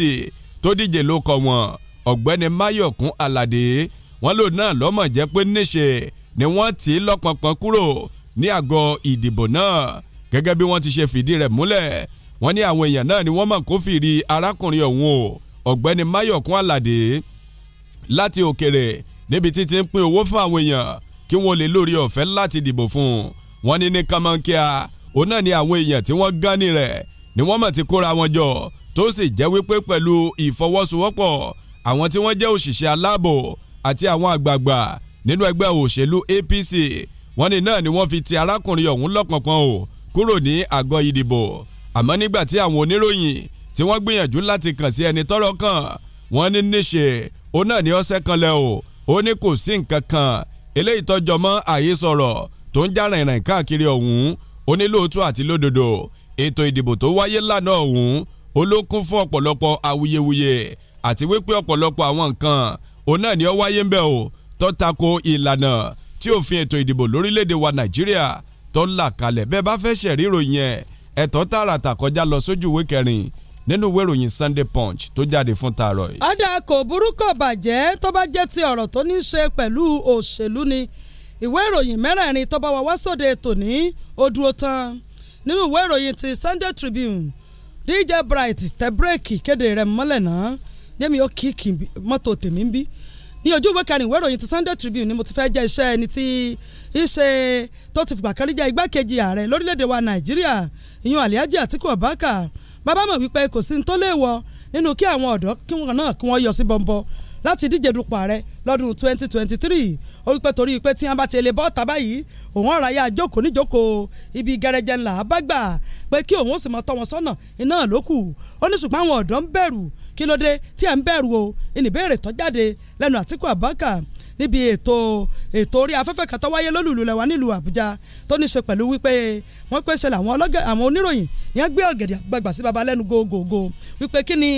tó díje ló kọ wọn ọ̀gbẹ́ni Máyọ̀kún Aládé wọ́n lò náà lọ́mọ̀ jẹ́ pé níṣe ni wọ́n tì í lọ́pọ̀pọ̀ kúrò ní àgọ́ ìdìbò náà gẹ́gẹ́ bí wọ́n ti ṣe fìdí rẹ̀ múlẹ̀ wọ́n ní àwọn èèyàn náà ni wọ́n mọ̀ kófìrí arákùnrin ọ̀hún o ọ̀gbẹ́ni Máyọ̀kún Àlàdé láti òkèrè níbi tí ti ń pín owó fún àwọn èèyàn kí wọ́n lè lórí ọ̀fẹ́ láti dìbò fún un wọ́n ní ní kànmọ́nkíá òun náà ni àwọn èèyàn tí wọ́n gán ní rẹ̀ ni wọ́n mọ̀ ti kóra wọn jọ tó sì jẹ́ wípé pẹ̀lú ìfọwọ́sowọ́pọ̀ àwọn tí wọ́n jẹ́ òṣìṣẹ́ aláàbò àti àwọn àgbààgbà nínú ẹgbẹ́ òṣèlú APC wọ́n ní náà ni wọ́n fi ti arákùnrin ọ̀hún lọ́pọ̀pọ̀n o kúrò ní àgọ́ ìdìbò àmọ́ nígbà tí àwọn oníròyìn tí wọ́n gbìyànjú láti kàn sí ẹni tọ́rọ̀ kàn wọ́n ní níṣe ó náà ní ọ̀sẹ̀ kan lẹ́ o ó ní kò sí nǹkan kan eléyìí tọ́jọ mọ́ àhesọ̀rọ̀ tó ń já rìnrìn káàkiri ọ̀hún ó ní lóòótọ́ àti lódodo ètò ìdìbò tó wáyé lánàá ọ̀hún ó ló kún fún ọ̀pọ̀lọpọ̀ awuyewuye àti wípé ọ̀pọ̀lọpọ̀ àwọn nǹkan òun náà ni ó wáyé ń bẹ̀ o tó tako ìlànà tí òfin ètò ìdìbò lórílẹ̀‐èdè wa nàìjíríà tó là kalẹ̀ bẹ́ẹ̀ bá fẹ́ ṣẹ̀rí ìròyìn ẹ̀ ẹ̀tọ́ tààràtà kọjá lọ sójú ìwé kẹrin nínú ìwé ìròyìn Sunday Punch tó jáde fún taarọ̀ yìí. ọ̀dà kò burúkọ̀ bàjẹ́ tó bá jẹ́ ti ọ̀rọ̀ tó ní í ṣe pẹ̀lú òṣèlú ni ìwé ìròyìn mẹ́rẹ̀ẹ̀rin tó bá wá wá sóde tòní ó dúró tán nínú ìwé ìròyìn ti Sunday Tribune DJ Bright tẹ bírèkì kéde rẹ̀ mọ́lẹ̀ náà jẹ́mi ó kíkì mọ́tò tèmi ń bí ní ojú ìwé kẹrin ìwé ìròyìn ti Sunday Tribune ni mo ti fẹ́ jẹ́ iṣẹ́ ẹni tí iṣẹ́ tó ti fìgbà kan rí jẹ́ igbákejì ààrẹ lórílẹ̀‐èdè wa Nàìjíríà ìyún Alhaji Atiku Abubakar bàbá mọ̀ wípé kò sí ní tó lè wọ nínú kí àwọn ọ̀dọ́ kí wọn náà kí wọ́n yọ sí bọ́ńbọ́ láti díje dupò ààrẹ lọ́dún 2023 ó wípé torí pé tí wọ́n bá ti lè bọ́ ọ̀tá báyìí òun ọ̀rọ̀ ayé àjókòó níjókòó ibi gẹrẹjẹ ńlá bá gbà pé kí òun ó sì mọ tọ́ wọn sọ́nà iná lókù ó ní ṣùgbọ́n àwọn ọ̀dọ́ ń bẹ̀rù kí ló dé tí ẹ̀ ń bẹ̀rù o ìníbẹ̀rẹ̀ tó jáde lẹ́nu Àtíkù Abubakar níbi ètò ètò orí afẹ́fẹ́ kan tó wáyé lólùlù lẹ́wà nílùú Àbújá tó ní ṣe pẹ̀lú wípé wọ́n pèsè làwọn ọlọ́gẹ̀ àwọn oníròyìn ní wọ́n ọ̀gẹ̀dẹ̀ àgbàgbà sí baba lẹ́nu gògògò wípé kí ni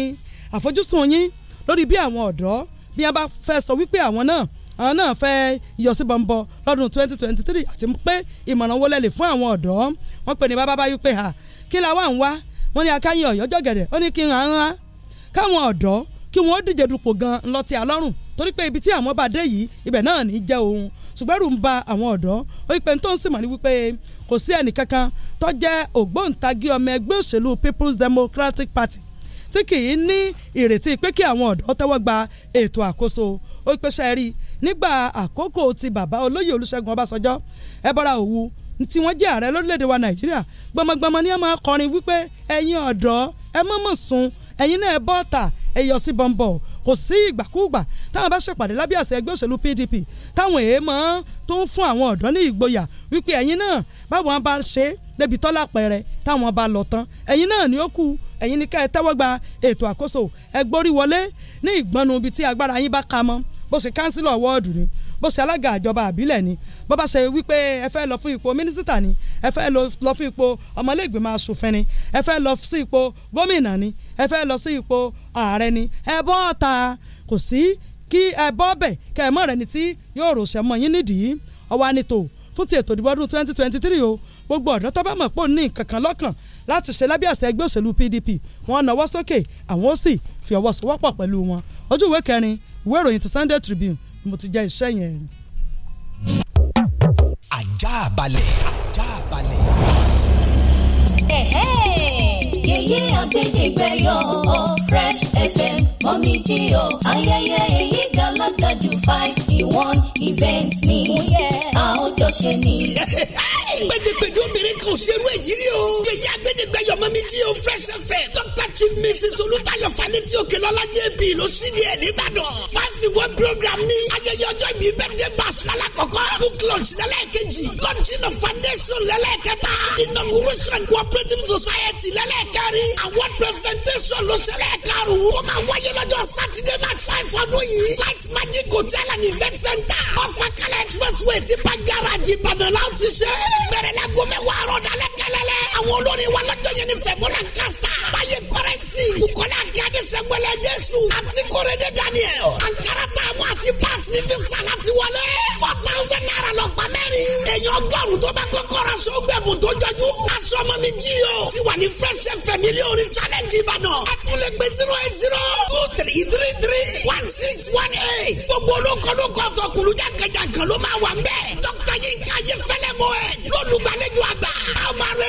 àfojúsùn yín lórí bí àwọn ọ̀dọ́ bí wọ́n bá fẹ́ sọ wípé àwọn náà àwọn náà fẹ́ yọ sí bọ̀ǹbọ̀ lọ́dún twenty twenty three àti pé ìmọ̀ràn wo lẹ́lẹ̀ fún àwọn ọ̀dọ́ wọ́n pè ní bábá báyìí pé hà kí la wà ń wá wọ́n ní akáyìn ọ̀yọ́jọ́ gẹ̀dẹ̀ ó ní kí n hàn án káwọn ọ̀dọ́ kí wọ́n díje dupò gan ńlọtí alọ́rùn torí pé ibi tí àwọn bá dé yìí ibẹ̀ náà ní jẹ́ òun ṣùgbọ́n ẹ̀rù ń ba àwọn ọ̀dọ́ ó yí pé tó ń sì mọ̀ ní wípé kò sí ẹnìkankan tó jẹ́ ògbóǹtagì ọmọ ẹgbẹ́ òṣèlú People's Democratic Party tí kì í ní ìrètí pé kí àwọn ọ̀dọ́ tẹ́wọ́ gba ètò àkóso ó yí pé ṣe rí nígbà àkókò ti bàbá olóyè Olúṣẹ́gun Ọbásanjọ́ ẹ bọ́ra òwu tí wọ́n jẹ́ ààrẹ lórílẹ̀‐èdè wa Nàìjíríà gbọmọgbọmọ ni ẹ máa kọrin wípé ẹ̀yin ọ̀dọ́ ẹ mọ̀mọ̀ sùn ẹ̀yin náà ẹ bọ́ ta ẹ yọ sí bọ́ńbọ́ kò sí ìgbàkúgbà táwọn bá ṣèpàdé lábẹ́ àṣẹ ẹgbẹ́ òṣèlú PDP táwọn èèmọ̀ tó ń fún àwọn ọ̀dọ́ ní ìgboyà wípé ẹ̀yin náà báwọn bá ṣe é débi tọ́lá pẹ̀rẹ̀ táwọn bá lọ tán ẹ̀yin náà ni ó kù ẹ̀yin ni ká ẹ tẹ́wọ́ gba ètò àkóso ẹ gbórí wọlé ní ìgbọ́nu ibi tí agbára yín bá ka mọ́ bó ṣe kánsílọ̀ wọ́ọ̀dù ni bó ṣe alága àjọba àbílẹ̀ ni bó bá ṣe wípé ẹ fẹ́ lọ fún ipò mínísítà ni ẹ fẹ́ lọ fún ipò ọmọlẹ́gbẹ̀mọ asòfin ni ẹ fẹ́ lọ sí ipò gómìnà ni ẹ fẹ́ lọ sí ipò ààrẹ ni ẹ bọ́ ta kò sí kí ẹ bọ́ bẹ̀ kẹ́ ẹ mọ̀ rẹ̀ ni tí yóò rò ṣẹ́ mọ́ yín nídìí ọwọ́ anito fún ti ètò ìdìbò ọdún twenty twenty three o gbogbo ọ̀dọ́ tó bá mọ̀ pò ní nǹkan lọ́kàn láti ṣe lábẹ́ àṣẹ ẹgbẹ́ òṣèlú PDP wọ́n náwó sókè àwọn ó sì fi ọwọ́ sowọ́pọ̀ pẹ̀lú wọn ojú ìwé kẹrin ìwé ìròyìn ti Sunday Tribune ni mo ti jẹ iṣẹ́ yẹn. ajá balẹ̀ ajá balẹ̀ yẹyẹ àgbẹ̀dẹ̀gbẹ̀yọ fresh fm mọ́mí jí o ayẹyẹ èyí gàlágà ju five twenty one event ni àwọn jọ ṣe ni. gbẹdẹgbẹdẹ obìnrin kan ò ṣerú èyí rí o. yèyí agbẹdẹgbẹ yọmọ mi tí o fresh fẹ. dókítà chief mrs olùtayọ fanitì òkèlọlá jp ló sì ní ẹ nìbàdàn. five in one program ni. ayẹyẹ ọjọ́ ìbí birthday bash lálàkọ́kọ́. book launch lẹ́lẹ́kejì. launching of foundation lẹ́lẹ́kẹta. inauguration cooperative society lẹ́lẹ́kẹrin. award presentation ló ṣẹlẹ̀ karùn-ún. ó máa wáyé lọ́jọ́ sátidé march five ọdún yìí. light magic hotel and event trade center. ọ̀fọ̀kẹ́lẹ̀ expressway ti bá garaji ìbàdàn la ti ṣe. bẹ̀rẹ̀ la gomẹ wa rọ̀dà lẹ kẹlẹ́lẹ́. àwọn olórin wa lọ́jọ́ yẹn ni fẹ̀mú lancaster. báyé kọ́rẹ́sì. kukọ́lá gíadé sẹ́gbẹ́lẹ́ jésù. àti kórede daniel. ankara taamu àti pass ní fi sàlá ti wọlé. four thousand naira lọ pa mẹ́rin. èèyàn ọgọ́rùn-ún tó bá kọ́kọ́ ra so gbẹ̀bù tó jọjú. aṣọ mọ́ mi jí o. ti wà ní fresh fm mílíọ̀nù challenge ìbàdàn. a tún lè gbé zero eight zero two three three three one six one eight. gbogbo olókòlókò kọ́tọ̀ kulu jákèjàkè ló máa wà nbẹ. dókítà yín ká yé fẹlẹ́ mọ́ ẹ. lọ́lùgbàlejò àgbà. àwọn arẹ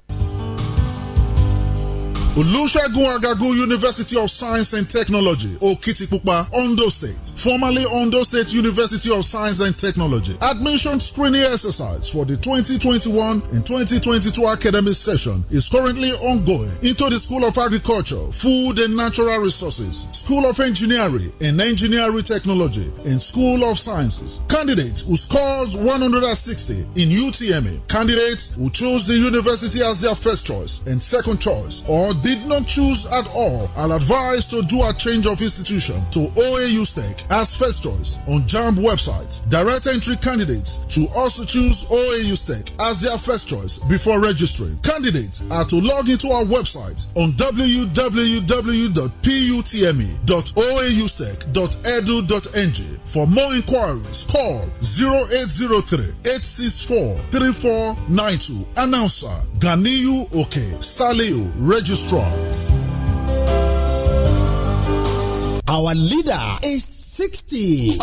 Olusegun Agagu University of Science and Technology, Okitipupa, Ondo State, formerly Ondo State University of Science and Technology. Admission screening exercise for the 2021 and 2022 academic session is currently ongoing into the School of Agriculture, Food and Natural Resources, School of Engineering and Engineering Technology, and School of Sciences. Candidates who scores 160 in UTME, candidates who choose the university as their first choice and second choice or did not choose at all are advised to do a change of institution to OAU Tech as first choice on JAMB website. Direct entry candidates should also choose OAU Tech as their first choice before registering. Candidates are to log into our website on www.putme.oaustech.edu.ng. For more inquiries, call 0803 864 3492. Announcer Ganiyu Oke Saleo Register. strong. Our leader is 60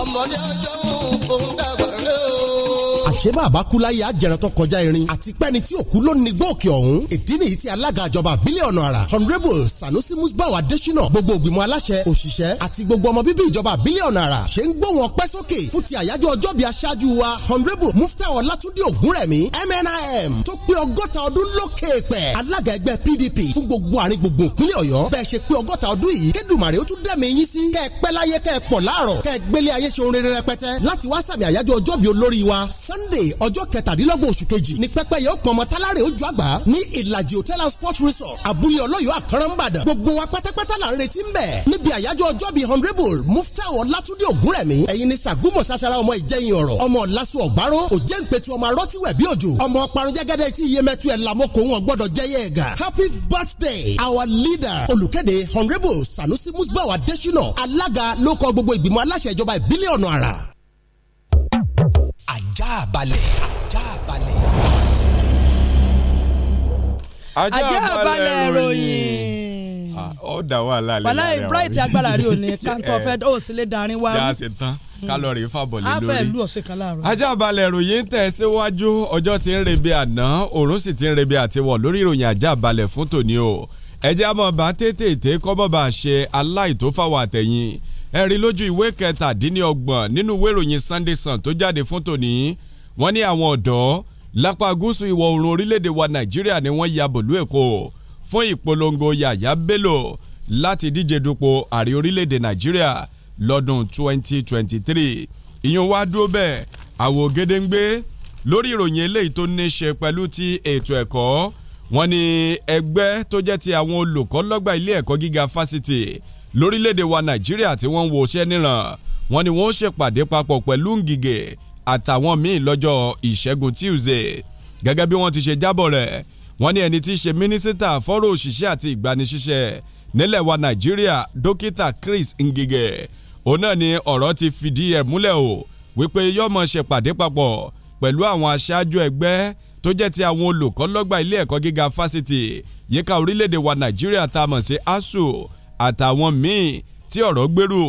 ṣé bàbá kú láyé àjẹrán tó kọjá irin àti pẹ́ni tí òkú ló ní gbòòkè ọ̀hún ìdí nìyí tí alága àjọba àbílẹ̀ ọ̀nà àrà honourable sanusi musbau adesina gbogbo ògbìmọ̀ aláṣẹ òṣìṣẹ́ àti gbogbo ọmọ bíbí ìjọba àbílẹ̀ ọ̀nà àrà ṣe ń gbó wọn pẹ́ sókè fún ti àyájọ́ ọjọ́ bíi aṣáájú wa honourable muftai ọlátúndé ògúnrẹ̀mí mnim tó pé ọgọ́ta ọdún lókè pẹ̀ alága ẹgbẹ́ pdp fún gbogbo àárín gbogbo ìpínlẹ̀ ọ̀yọ́ bẹ́ẹ̀ ṣe pé ọgọ́ta ọdún yìí kédùmàrè ó tún dẹ̀mí yín sí kẹ́ ẹ pẹ́ láyé kẹ́ ẹ pọ̀ láàrọ̀ kẹ́ ẹ gbélé ayé ṣe orin rẹpẹtẹ láti wá sàmì àyájọ́ ọjọ́ bíi olórí wa sunday sunday ọjọ́ kẹtàdínlọ́gbọ̀n oṣù kejì ni pẹ́pẹ́yẹ ó pọn ọmọ tálárẹ̀ ó àgbà ní ìlàjì hotel and sports resort abúlé ọlọ́yọ̀ àkàràǹbàdàn gbogbo wa pátápátá là ń retí ń bẹ̀ níbi àyájọ́ ọjọ́ bíi honourable muftau ọlátúndé ògúnrẹ̀mí ẹ̀yin ni sàgúmọ̀ sasara ọmọ ìjẹyìn ọ̀rọ̀ ọmọ ọ̀làsù ọ̀gbárò òjẹ́ ìpẹ̀tù ọmọ arọ́tíwẹ̀ bí òjò ọmọ parunjẹ́gẹ́dẹ́ happy birthday our leader olùkéde sanusi musbawa adesina alága ló kọ gbogbo ìgbìmọ̀ aláṣẹ ìjọba ajá balẹ̀ ajá balẹ̀. ajá balẹ̀ ròyìn. Ah, ó dá wàhálà lẹ́yìn àwọn ọ̀rẹ́ bright agbára rí òní kàńtọ́ eh. fẹ́ ó sì lè darin wá. yà á ṣe tán kálọ̀rì fàbọ̀ lé lórí. a fẹ́ lu ọ̀sẹ̀ kan láàárọ̀. ajá balẹ̀ ìròyìn tẹ̀ síwájú ọjọ́ ti ń rebe àná òòrùn sì ti ń rebe àtiwọ̀ lórí ìròyìn ajá fún tòní o. ẹjẹ́ àmọ́ bá tètè kọ́mọ́ bá ṣe aláìtófáwọ̀ àtẹ̀yìn ẹ̀rí lójú ìwé kẹtàdínlọ́gbọ̀n nínú ìwé ìròyìn Sunday Sun tó jáde fún tòní wọ́n ní àwọn ọ̀dọ́ lápá gúúsù ìwọ̀ oòrùn orílẹ̀-èdè wa Nàìjíríà ni wọ́n ya bòlú Èkó fún ìpolongo Yàyà Bello láti díje dupò ààrẹ orílẹ̀-èdè Nàìjíríà lọ́dún 2023 ìyẹn wá dúró bẹ́ẹ̀ àwò gédéǹgbé lórí ìròyìn eléyìí tó ní ṣe pẹ̀lú ti ètò ẹ̀kọ́ wọ́n ní ẹgbẹ́ tó jẹ́ ti àwọn olùkọ́ lọ́gbà ilé ẹ̀kọ́ gíga fásitì lórílẹ̀‐èdè wa nàìjíríà tí wọ́n ń wo iṣẹ́ níran wọ́n ní wọ́n ṣèpàdé papọ̀ pẹ̀lú Ngige àtàwọn míì lọ́jọ́ ìṣẹ́gun Tuesday gẹ́gẹ́ bí wọ́n ti ṣe jábọ̀ rẹ̀ wọ́n ní ẹni tí í ṣe mínísítà fọ́rọ̀ òṣìṣẹ́ àti ìgbanisíṣẹ́ nílẹ̀ wa nàìjíríà dókítà Chris Ngige òun náà ni ọ̀rọ̀ ti fìdí ẹ̀ múlẹ̀ o wípé yọ́mọ ṣèpàdé papọ̀ pẹ̀lú àwọn aṣáájú ẹgbẹ́ tó jẹ́ ti àwọn olùkọ́ ilé ẹ̀kọ́ gíga fásitì yíká orílẹ̀-èdè wa nàìjíríà tá a mọ̀ sí ASUU àtàwọn míì tí ọ̀rọ̀ gbèrú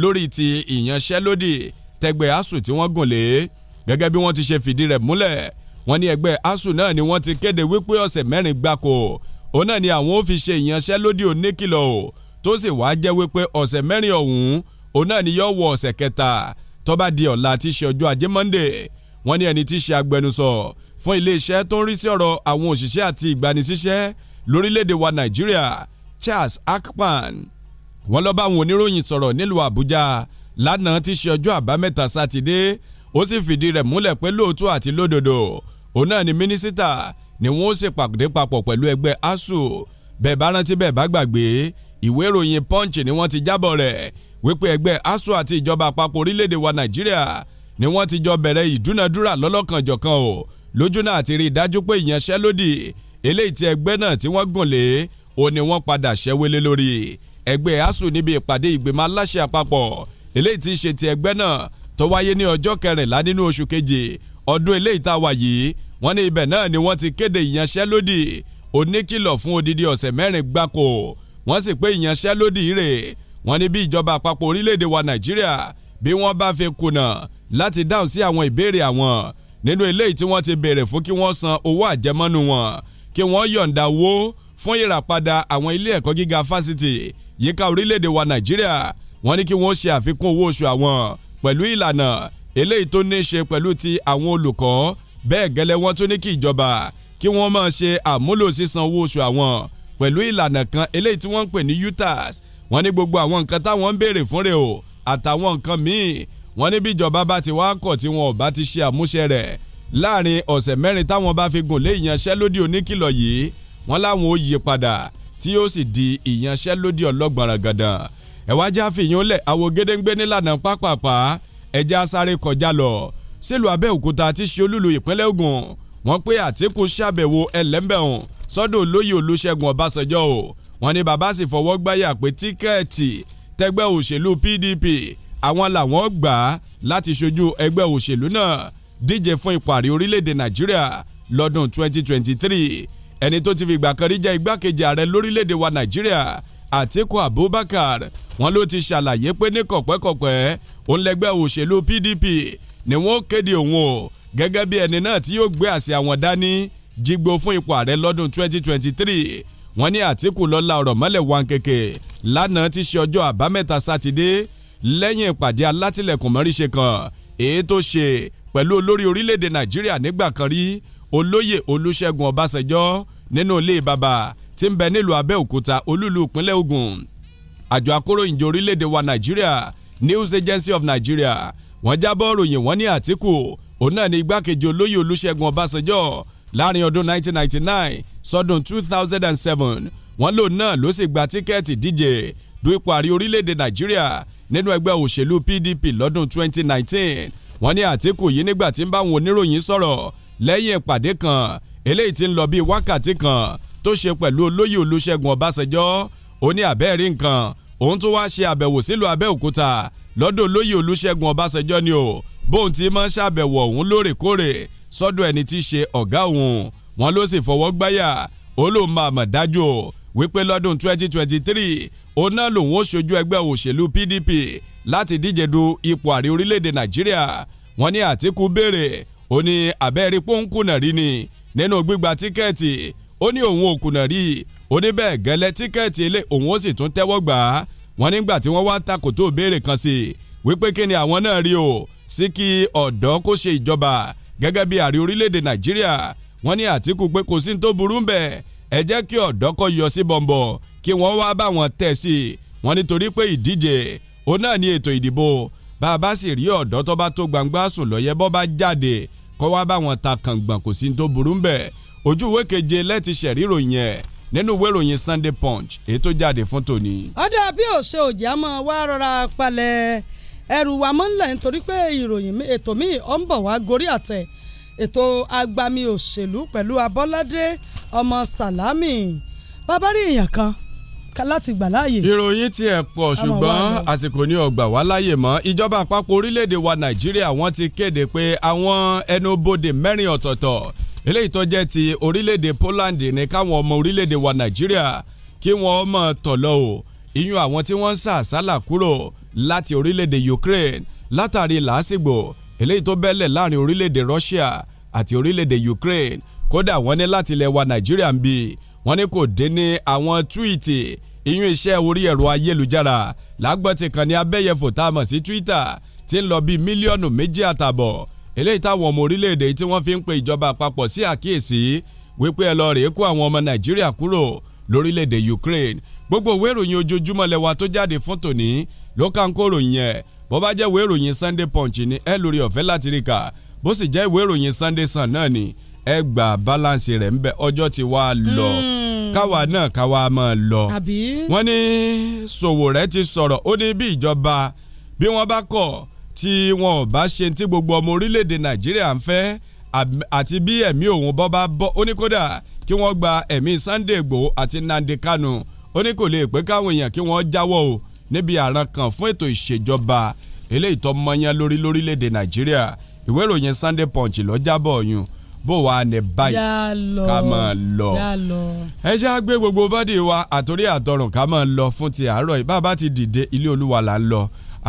lórí ti ìyanṣẹ́lódì tẹgbẹ́ asuu tí wọ́n gùn lé gẹ́gẹ́ bí wọ́n ti ṣe fìdí rẹ̀ múlẹ̀ wọ́n ní ẹgbẹ́ asuu náà ni wọ́n ti kéde wípé ọ̀sẹ̀ mẹ́rin gbáko òun náà ni àwọn ò fi ṣe ìyanṣẹ́lódì oníkìlọ̀ tó sì wá jẹ́ wípé ọ̀sẹ̀ mẹ́rin ọ̀hún òun náà ni yóò wọ ọ̀sẹ̀ kẹta tó di ọ̀la tí ṣe ọjọ́ ajé Monday wọ́n ní ẹni tí ṣe agbẹnusọ fún iléeṣẹ́ tó ń rí sí ọ̀rọ̀ àwọn òṣìṣẹ́ àti ìgbanisíṣẹ́ lórílẹ̀‐èdè wa Nàìjíríà Charles Akpan wọ́n lọ bá àwọn oníròyìn sọ̀rọ̀ nílùú Àbújá lánàá tí ṣe ọjọ́ àbámẹ́ta sátidé ó sì fìdí rẹ̀ múlẹ̀ pé lóòótọ́ àti lódodo òun náà ni mínísítà ni wọ́n sì pàdé papọ̀ pẹ̀lú ẹgbẹ́ ASUU bẹ́ẹ̀ bá rántí bẹ́ẹ̀ bá gbàgbé ìwé ìròyìn Punch ni wọ́n ti jábọ̀ rẹ̀ wípé ẹgbẹ́ ASUU àti ìjọba àpapọ̀ orílẹ̀-èdè wa Nàìjíríà ni wọ́n ti jọ bẹ̀rẹ̀ ìdúnadúrà lọ́lọ́kanjọ̀kan o lójú náà ti rí i dájú pé ìyanṣẹ́lódì eléyìí tí ẹgbẹ́ náà tí wọ́n gùn lé ó ní wọ́n padà ṣẹ́wélé lórí ẹgbẹ́ asuu níbi ìpàdé ìgbìmọ̀ aláṣẹ àpapọ̀ eléyìí tí í ṣe ti ẹgbẹ́ náà tó wáyé ní ọjọ́ kẹrìnlá nínú oṣù keje ọdún eléyìí tá a wà yìí wọ́n ní ibẹ̀ náà ni wọ́n ti kéde ìyanṣẹ́lódì oníkìlọ̀ fún odidi ọ̀sẹ̀ mẹ́rin gbáko wọ́n sì pé ìyanṣẹ́lódì rè wọ́n ní bí ìjọba àpapọ̀ orílẹ̀-èdè wa Nàìjíríà bí wọ́n bá fi kùnà láti dáhùn sí àwọn ìbéèrè àwọn nínú eléyìí tí wọ́n ti béèrè fún kí wọ́n san owó àjẹmọ́nú wọn kí wọ́n yọ̀ǹda owó fún ìràpadà àwọn ilé ẹ̀kọ́ gíga fásitì yíká orílẹ̀-èdè wa nàìjíríà wọ́n ní kí wọ́n ṣe àfikún owó oṣù àwọn pẹ̀lú ìlànà eléyìí tó ní í ṣe pẹ̀lú ti àwọn olùkọ́ bẹ́ẹ̀ gẹ́lẹ́ wọ́n tún ní kí ìjọba kí wọ́n máa ṣe àmúlò sísan owó oṣù àwọn pẹ̀lú ìlànà kan eléyìí tí wọ́n ń pè ní utas wọ́n ní gbogbo àwọn nǹkan táwọn ń béèrè fún rẹ̀ o àtàwọn nǹkan míì wọ́n ní bí ìjọba bá ti wá kọ̀ tí wọn ò bá ti ṣe àmúṣe rẹ̀ láàrin ọ̀sẹ̀ mẹ́rin táwọn bá fi gùn lé ìyanṣẹ́lódì oníkìlọ̀ yìí wọ́n láwọn ó yí padà tí ó sì di ìyanṣẹ́lódì ọlọ́gbọ̀nràgàdàn ẹ̀wájá fìyàn lẹ̀ àwọ̀ gédéńgbé nílànà pápápá ẹja sáré kọjá lọ sílùú Abẹ́òkúta tí ṣe olúlu ìpínlẹ̀ Ògùn wọ́n pé Àtíkù ṣàbẹ̀wò ẹlẹ́mbẹ̀hùn sọ́dọ̀ olóyè Olúṣẹ́gun Ọbásanjọ́ o wọ́n ní bàbá sì fọwọ́ gbáyà pé tíkẹ́ẹ̀tì tẹgbẹ́ òṣèlú PDP àwọn làwọn gbà láti ṣojú ẹgbẹ́ òṣèlú náà díje fún ipò orílẹ̀-èdè Nàìjíríà lọ́dún 2023 ẹni tó ti fi ìgbà kan rí jẹ́ igbákejì ààrẹ lórílẹ̀‐èdè wa nàìjíríà àtíkù abubakar wọn ló ti ṣàlàyé pé ní kọ̀pẹ́kọ̀pẹ́ òun lẹ́gbẹ́ òṣèlú pdp ni wọ́n kéde òun o gẹ́gẹ́ bí ẹni náà tí yóò gbé àsì àwọn dání jígbó fún ipò ààrẹ lọ́dún 2023 wọ́n ní àtíkù lọ́la ọ̀rọ̀ mọ́lẹ̀ wọn kéke lánàá ti ṣe ọjọ́ àbámẹ́ta sátidé lẹ́yìn ìpàdé alátìlẹ̀kùn mọ́ríṣe kan èyí tó ṣe pẹ̀lú olórí orílẹ̀-èdè nàìjíríà nígbà kan rí olóyè olúṣẹ́gun ọbásanjọ́ nínú ilé bàbá tí ń bẹ nílùú abẹ́òkúta olúlu ìpínlẹ̀ ògùn àjọ akóròyìnjọ orílẹ̀-èdè wa nàìjíríà news agency of nigeria wọ́n jábọ̀ ròyìn wọ́n ní àtìkù òun náà ní igbákejì olóyè olúṣẹ́gun ọbásanjọ́ láàrin ọdún 1999 sọdún 2007 wọ́n lòun náà ló sì gba tíkẹ́ẹ̀tì díje du ipò àrí orílẹ̀-èdè nàìjíríà nínú ẹgbẹ́ òṣèlú pdp lọ́dún 2019 wọ́n ní àtìkù yìí nígbà tí ń bá àwọn oníròyìn sọ̀rọ̀ lẹ́yìn ìpàdé kan eléyìí ti ń lọ bíi wákàtí kan tó ṣe pẹ̀lú olóyè olúṣẹ́gun ọbásanjọ́ ó ní àbẹ́ẹ̀rí nǹkan òun tó wáá ṣe àbẹ̀wò sílùú abẹ́òkúta lọ́dọ̀ olóyè olúṣẹ́gun ọbásanjọ́ ni o bóun ti máa ń ṣàbẹ̀wò ọ̀hún lóòrèkóòrè sọ́dọ̀ ẹni tí í ṣe ọ̀gá òun wọn ló sì fọwọ́ gbáyà ó lóun máa mọ̀ dájú o wípé lọ́dún 2023 òun náà lòun ó ṣojú ẹgbẹ́ òṣèlú PDP láti díje du ipò ààrẹ orílẹ̀-èdè nàìjíríà wọ́n ní àtìkú béèrè ó ní abẹ́rí pọ́ńkùnà rí ni nínú gbígba tíkẹ́ẹ̀tì ó ní òun ò kùnà rí ó ní bẹ́ẹ̀ gẹ́lẹ́ tíkẹ́ẹ̀tì ilé òun ó sì tún tẹ́wọ́ gbà á wọ́n nígbà tí wọ́n wá takòtó béèrè kan sí wípé kí ni àwọn náà rí o sí kí ọ̀dọ́ kó ṣe ìjọba gẹ́gẹ́ bí ààrẹ orílẹ̀-èdè Nàìjíríà wọ́n ní Àtíkù pé kò sí ní tó burú bẹ́ẹ̀ ẹ jẹ́ kí ọ̀dọ́ kọ́ yọ sí bọ̀m̀bọ̀ kí wọ́n wá bá wọn tẹ̀ sí wọ́n nítorí pé ìdíje òun náà ní ètò ìdìbò bá a bá sì rí ọ̀dọ́ tó bá tó gbangba sùn lọ́yẹ bọ́ bá jáde kọ́ wá bá wọn ta kàngbọ̀n kò sí tó burú ń bẹ̀ ojú ìwé keje lẹ́ti ṣẹ̀rí ròyìn ẹ̀ nínú ìwé ìròyìn Sunday Punch èyí tó jáde fún tòní. ọ̀dà bí òṣè òjì á mọ̀ wá rọra palẹ̀ ẹrù wa mọ́ ńlẹ̀ nítorí pé ìròyìn ètò míì ọ̀ ń bọ̀ wá gorí àtẹ̀ ètò agbami òṣèlú pẹ̀lú Abọ́ládé ọmọ Sàlámì bàbá èèyàn kan láti gbà láàyè. ìròyìn ti ẹ̀ pọ̀ ṣùgbọ́n àsìkò ní ọgbà wá láàyè mọ́ ìjọba àpapọ̀ orílẹ̀-èdè wa nàìjíríà wọ́n ti kéde pé àwọn ẹnubodè mẹ́rin ọ̀tọ̀ọ̀tọ̀ eléyìí tó jẹ́ ti orílẹ̀-èdè Poland ní káwọn ọmọ orílẹ̀-èdè wa nàìjíríà kí wọ́n mọ̀ tọ̀lọ́ o ìyún àwọn tí wọ́n ń sà sálà kúrò láti orílẹ̀-èdè Ukraine látàrí làásìgbò eléyìí tó bẹ́lẹ̀ láàrin orílẹ̀-èdè Russia àti orílẹ̀-èdè Ukraine kódà wọ́n ní láti ilẹ̀ wa nàìjíríà ń bíi wọ́n ní kò dín ní àwọn túwìtì ìyún iṣẹ́ orí ẹ̀rọ ayélujára lágbọ́tì kan ní abẹ́yẹfò tá a mọ̀ sí Twitter ti ń lọ bíi mílíọ̀nù méjì àtààbọ̀ eléyìí táwọn ọmọ orílẹ̀-èdè tí wọ́n fi ń pe ìjọba àpapọ̀ sí àkíyèsí wípé ẹ lọ rèé kó àwọn ọmọ Nàìjíríà kúrò lórílẹ̀-èdè Ukraine gbogbo ìwé ìròyìn ojoojúmọ́ lẹ́wà tó jáde fún tòní ló ká ń kó ròyìn yẹn bó bá jẹ́ ìwé ìròyìn Sunday Punch ni ẹ lórí ọ̀fẹ́ láti rí kà bó sì jẹ́ ìwé ìròyìn Sunday Sun náà ni ẹ gba balance rẹ̀ ń ọjọ́ ti wá lọ hmm. káwa náà káwa máa lọ wọ́n ní Sowore ti sọ̀rọ̀ ó ní bí ìjọba bí wọ́n bá kọ̀ tí wọn ò bá ṣe tí gbogbo ọmọ orílẹ̀-èdè Nàìjíríà ń fẹ́ àti bí ẹ̀mí òun bọ́ bá bọ́ ó ní kódà kí wọ́n gba ẹ̀mí Sunday Igboho àti Nnamdi Kanu ó ní kò lè pé káwọn èèyàn kí wọ́n jáwọ́ o níbi àràn kan fún ètò ìṣèjọba eléyìí tó mọyán lórí lórílẹ̀‐èdè Nàìjíríà ìwé ìròyìn Sunday Punch ló jábọ̀ ọ̀yùn bó wa ní báyìí ká máa lọ ẹ ṣe á gbé gbogbo bọ́dì wa àtòrí àtọrùn ká máa lọ fún ti àárọ̀ yìí bá a bá ti dìde ilé olúwa là ń lọ